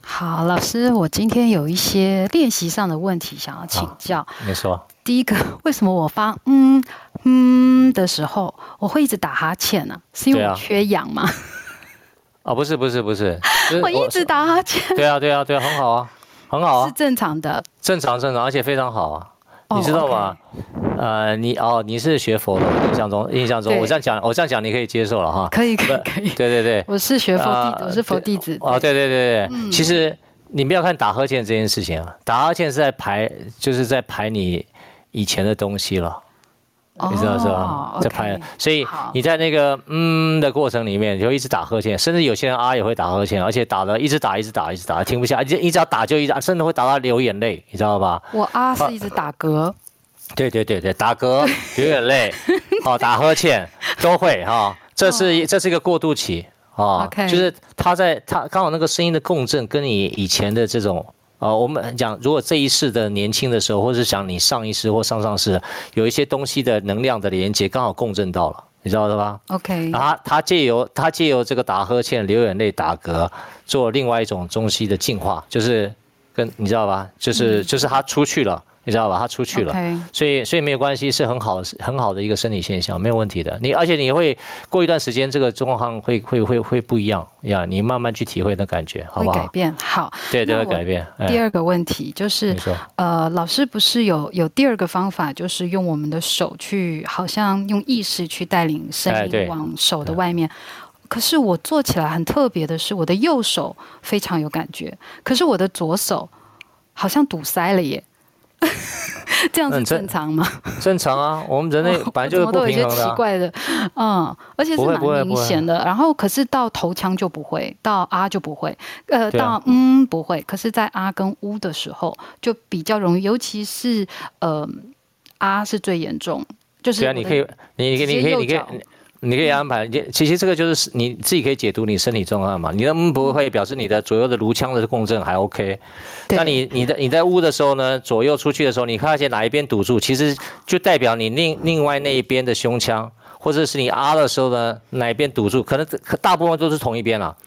[SPEAKER 3] 好，老師，我今天有一些練習上的問題想要請教。
[SPEAKER 1] 啊、你說，
[SPEAKER 3] 第一個，為什麼我發嗯嗯的時候，我會一直打哈欠呢、啊？是因為我缺氧嗎？
[SPEAKER 1] 啊、哦，不是，不是，不、就是我，我一直
[SPEAKER 3] 打哈欠。對
[SPEAKER 1] 啊，對啊，對啊，很好啊，很好啊，
[SPEAKER 3] 是正常的，
[SPEAKER 1] 正常，正常，而且非常好啊。你知道嗎？Oh, okay. 呃，你哦，你是學佛的，印象中印象中我，我這樣講，我這樣講，你可以接受了哈？可以可以可以，對對對，我是學佛弟子，呃、我是佛弟子。哦，對對對對，嗯，其實你不要看打呵欠這件事情啊，打呵欠是在排，就是在排你以前的東西了。你知道是吧？在拍的，所以你在那個嗯的過程裡面，你就一直打呵欠，甚至有些人啊也會打呵欠，而且打了一直打，一直打，一直打，停不下，就一直要打就一直，甚至會打到流眼淚，你知道吧？
[SPEAKER 3] 我啊是一直打
[SPEAKER 1] 嗝。對對對對，打嗝流眼淚， 哦，打呵欠都會哈、哦，這是、oh. 這是一個過渡期啊，哦 okay. 就是他在他剛好那個聲音的共振跟你以前的這種。啊、呃，我們講，如果這一世的年輕的時候，或是講你上一世或上上世，有一些東西的能量的連接，剛好共振到了，你知道的吧？OK，啊，他借由他借由這個打呵欠、流眼淚、打嗝，做另外一種中西的進化，就是跟你知道吧？就是、嗯、就是他出去了。你知道吧？他出去了，okay. 所以所以沒有關係，是很好很好的一個生理現象，沒有問題的。你而且你會過一段時間，這個狀況會會會會不一樣呀，你慢慢去體會的感覺，好不好？會改變，好。對，都會改變。第二
[SPEAKER 3] 個問題就是，嗯、呃，老師不是有有第二個方法，就是用我們的手去，好像用意識去帶領身體往手的外面。可是我做起來很特別的是，我的右手非常有感覺，可是我的左手好像堵塞了耶。 這樣子正常
[SPEAKER 1] 嗎？嗯正？正常啊，我們人類本來就是不平衡的、啊哦、我都有些奇怪
[SPEAKER 3] 的，嗯，而且是蠻明顯的。然後，可是到頭腔就不會，到啊就不會，呃，啊、到嗯不會。可是在啊跟烏的時候就比較容易，尤其是呃啊是最嚴重。就是你可以，你你可以，你可以。
[SPEAKER 1] 你可以安排，其實這個就是你自己可以解讀你身體狀況嘛。你悶不會表示你的左右的顱腔的共振還 OK，那你你，你在你在嗚的時候呢，左右出去的時候，你看見哪一邊堵住，其實就代表你另另外那一邊的胸腔，或者是你啊的時候呢，哪一邊堵住，可能大部分都是同一邊了、啊。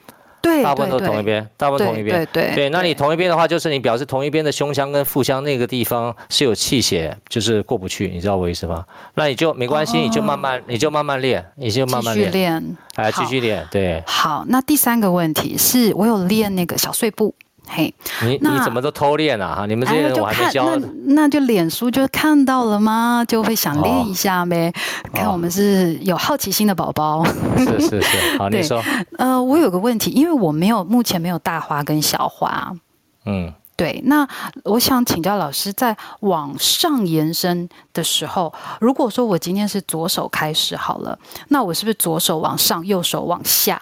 [SPEAKER 1] 對對對對大部分都同一邊，大部分同一邊，對，對，對。那你同一邊的話，就是你表示同一邊的胸腔跟腹腔那個地方是有氣血，就是過不去，你知道我意思嗎？那你就沒關係，哦，你就慢慢，你就慢慢練，你就慢慢練，練哎，繼續練，對。
[SPEAKER 3] 好，那第三個問題是我有練那個小碎步。嘿、hey，你你怎
[SPEAKER 1] 麼都偷練了哈？你們之前我還沒教。那
[SPEAKER 3] 那就臉書就看到了嗎？就會想練一下唄。Oh. 看我們是有好奇心的寶寶、oh. 是是是，好， 你說。呃，我有個問題，因為我沒有目前沒有大花跟小花。嗯，對。那我想請教老師，在往上延伸的時候，如果說我今天是左手開始好了，那我是不是左手往上，右手往下？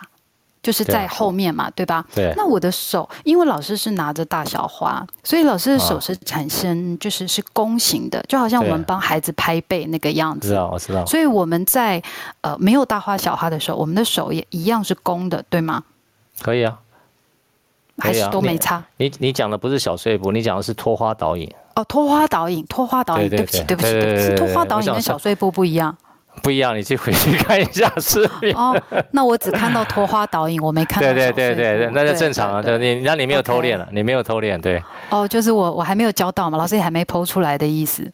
[SPEAKER 3] 就是在後面嘛，對、啊、對吧對、啊？那我的手，因為老師是拿着大小花，所以老師的手是產生就是是弓形的，啊、就好像我們幫孩子拍背那個樣子。啊、所以我們在呃沒有大花小花的時候，我們的手也一樣是弓的，對嗎？
[SPEAKER 1] 可以啊，可以啊，還是都沒差。你你，你講的不是小碎步，你講的是拖花導引。
[SPEAKER 3] 哦，拖花導引，拖花導引，對不起，對不起，對不起，拖花導引跟小碎步不一樣。
[SPEAKER 1] 不一樣，你去回去看一下視
[SPEAKER 3] 頻。哦，那我只看到脫花倒影，我沒看到。 對對對對對，那就正
[SPEAKER 1] 常了。對，對，對，你那你沒有偷練了，Okay. 你沒有偷練。對。
[SPEAKER 3] 哦，就是我我還沒有教到嘛，老師也還沒剖出來的意思。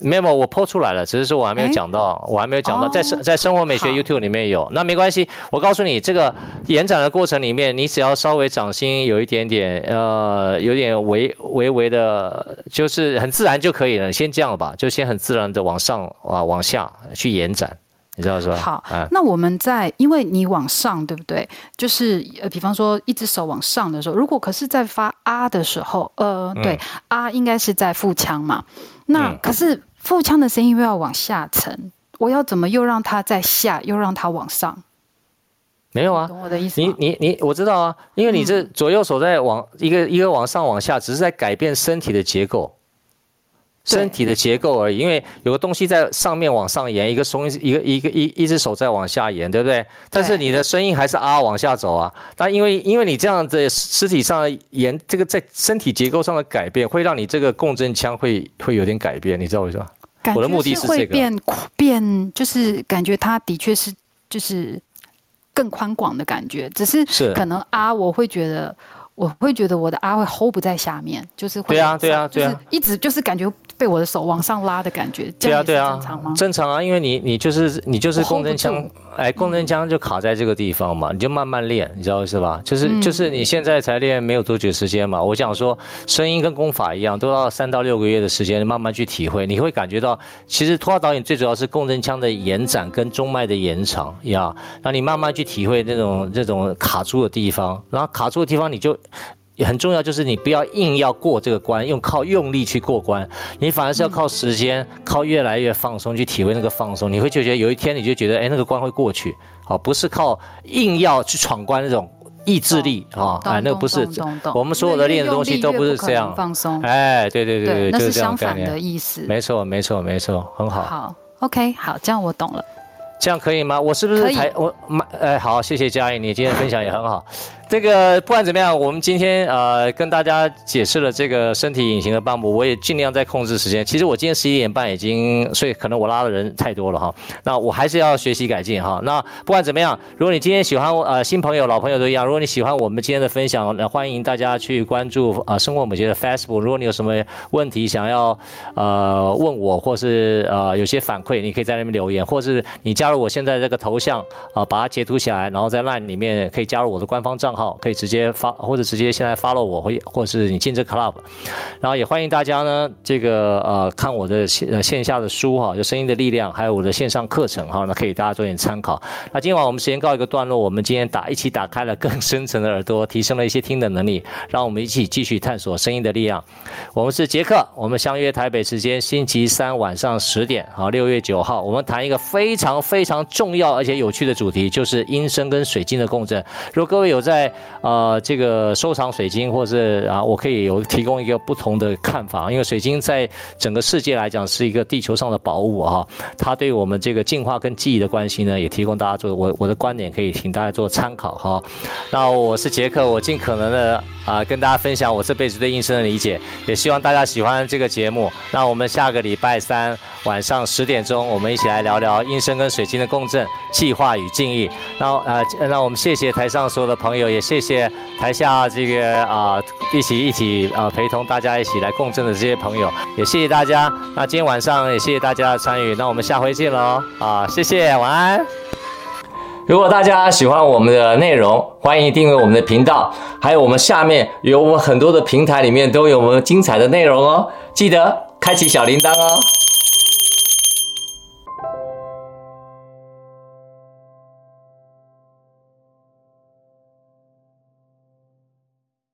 [SPEAKER 1] 沒有，我拋出來了，只是說我還沒有講到，我還沒有講到，哦、在生在生活美學 YouTube 裡面有，那沒關係，我告訴你，這個延展的過程裡面，你只要稍微掌心有一點點，呃，有點微微微的，就是很自然就可以了，先這樣吧，就先很自然的往上啊、呃、往下去延展。你知道是吧？好、嗯，那
[SPEAKER 3] 我們在，因為你往上，對不對？就是呃，比方說，一只手往上的時候，如果可是，在發啊的時候，呃，對，嗯、啊，應該是在腹腔嘛。那、嗯、可是腹腔的聲音又要往下沉，我要怎麼又讓它在下，又讓它往上？
[SPEAKER 1] 沒有啊，懂我的意思？你你你，我知道啊，因為你這左右手在往、嗯、一個一個往上往下，只是在改變身體的結構。身體的結構而已，因為有個東西在上面往上延，一個鬆，一個一個一一只手在往下延，對不對？對但是你的聲音還是啊往下走啊。但因為因為你這樣的身體上的延，這個在身體結構上的改變，會讓你這個共振腔會會有點改變，你知道為什麼？我的目的是會、這、變、
[SPEAKER 3] 個、變，就是感覺它的確是就是更寬廣的感覺，只是可能啊，我會覺得。我會覺得我的氣會 hold 不在下面，就是會。對啊對啊對啊，對啊對啊就是、一直就是感覺被我的手往上拉的感覺。對啊
[SPEAKER 1] 對啊，正常嗎？正常啊，因為你你就是你就是共振腔。哎，共振腔就卡在這個地方嘛，你就慢慢練，你知道是吧？就是就是你現在才練沒有多久的時間嘛。嗯。我想說，聲音跟功法一樣，都要三到六個月的時間你慢慢去體會。你會感覺到，其實托導演最主要是共振腔的延展跟中脈的延長呀。讓你慢慢去體會那種那種卡住的地方，然後卡住的地方你就。也很重要，就是你不要硬要過這個關，用靠用力去過關，你反而是要靠時間，嗯、靠越來越放鬆去體會那個放鬆，嗯、你會就覺得有一天你就覺得，哎，那個關會過去。好，不是靠硬要去闖關那種意志力啊、哦哦，哎，那不是我們所有的練的東西都不是這樣。放鬆，哎，對對對對，對、就是這樣，那是相反的意思。沒錯沒錯沒錯，沒錯，很好。
[SPEAKER 3] 好，OK，好，這樣我懂了，
[SPEAKER 1] 這樣可以嗎？我是不是還我哎，好，謝謝佳怡，你今天分享也很好。 這個不管怎麼樣，我們今天呃跟大家解釋了這個身體隱形的幫浦，我也儘量在控制時間。其實我今天十一點半已經，所以可能我拉的人太多了哈。那我還是要學習改進哈。那不管怎麼樣，如果你今天喜歡我呃新朋友老朋友都一樣，如果你喜歡我們今天的分享，那歡迎大家去關注啊、呃、聲活美學的 Facebook。如果你有什麼問題想要呃問我，或是呃有些反饋，你可以在那邊留言，或是你加入我現在這個頭像啊、呃，把它截圖起來，然後在 LINE 裡面可以加入我的官方賬號。好，可以直接發或者直接現在 follow 我，或或是你進這 club，然後也歡迎大家呢，這個呃看我的線、呃、線下的書哈，就、哦、聲音的力量，還有我的線上課程哈、哦，那可以大家做一點參考。那今晚我們時間告一個段落，我們今天打一起打開了更深層的耳朵，提升了一些聽的能力，讓我們一起繼續探索聲音的力量。我們是杰克，我們相約台北時間星期三晚上十點，好、哦，六月九號，我們談一個非常非常重要而且有趣的主題，就是音聲跟水晶的共振。如果各位有在。呃，這個收藏水晶，或是啊，我可以有提供一個不同的看法，因為水晶在整個世界來講是一個地球上的寶物啊、哦。它對我們這個進化跟記憶的關係呢，也提供大家做我我的觀點，可以請大家做參考哈、哦。那我是傑克，我盡可能的啊、呃、跟大家分享我這輩子對音聲的理解，也希望大家喜歡這個節目。那我們下個禮拜三晚上十點鐘，我們一起來聊聊音聲跟水晶的共振、進化與記憶。那呃，那我們謝謝台上所有的朋友也。也謝謝台下這個啊、呃，一起一起啊、呃，陪同大家一起來共振的這些朋友，也謝謝大家。那今天晚上也謝謝大家的參與，那我們下回見嘍、哦。啊，謝謝，晚安。如果大家喜歡我們的內容，歡迎訂閱我們的頻道。還有我們下面有我們很多的平台，裡面都有我們精彩的內容哦。記得開啟小鈴鐺哦。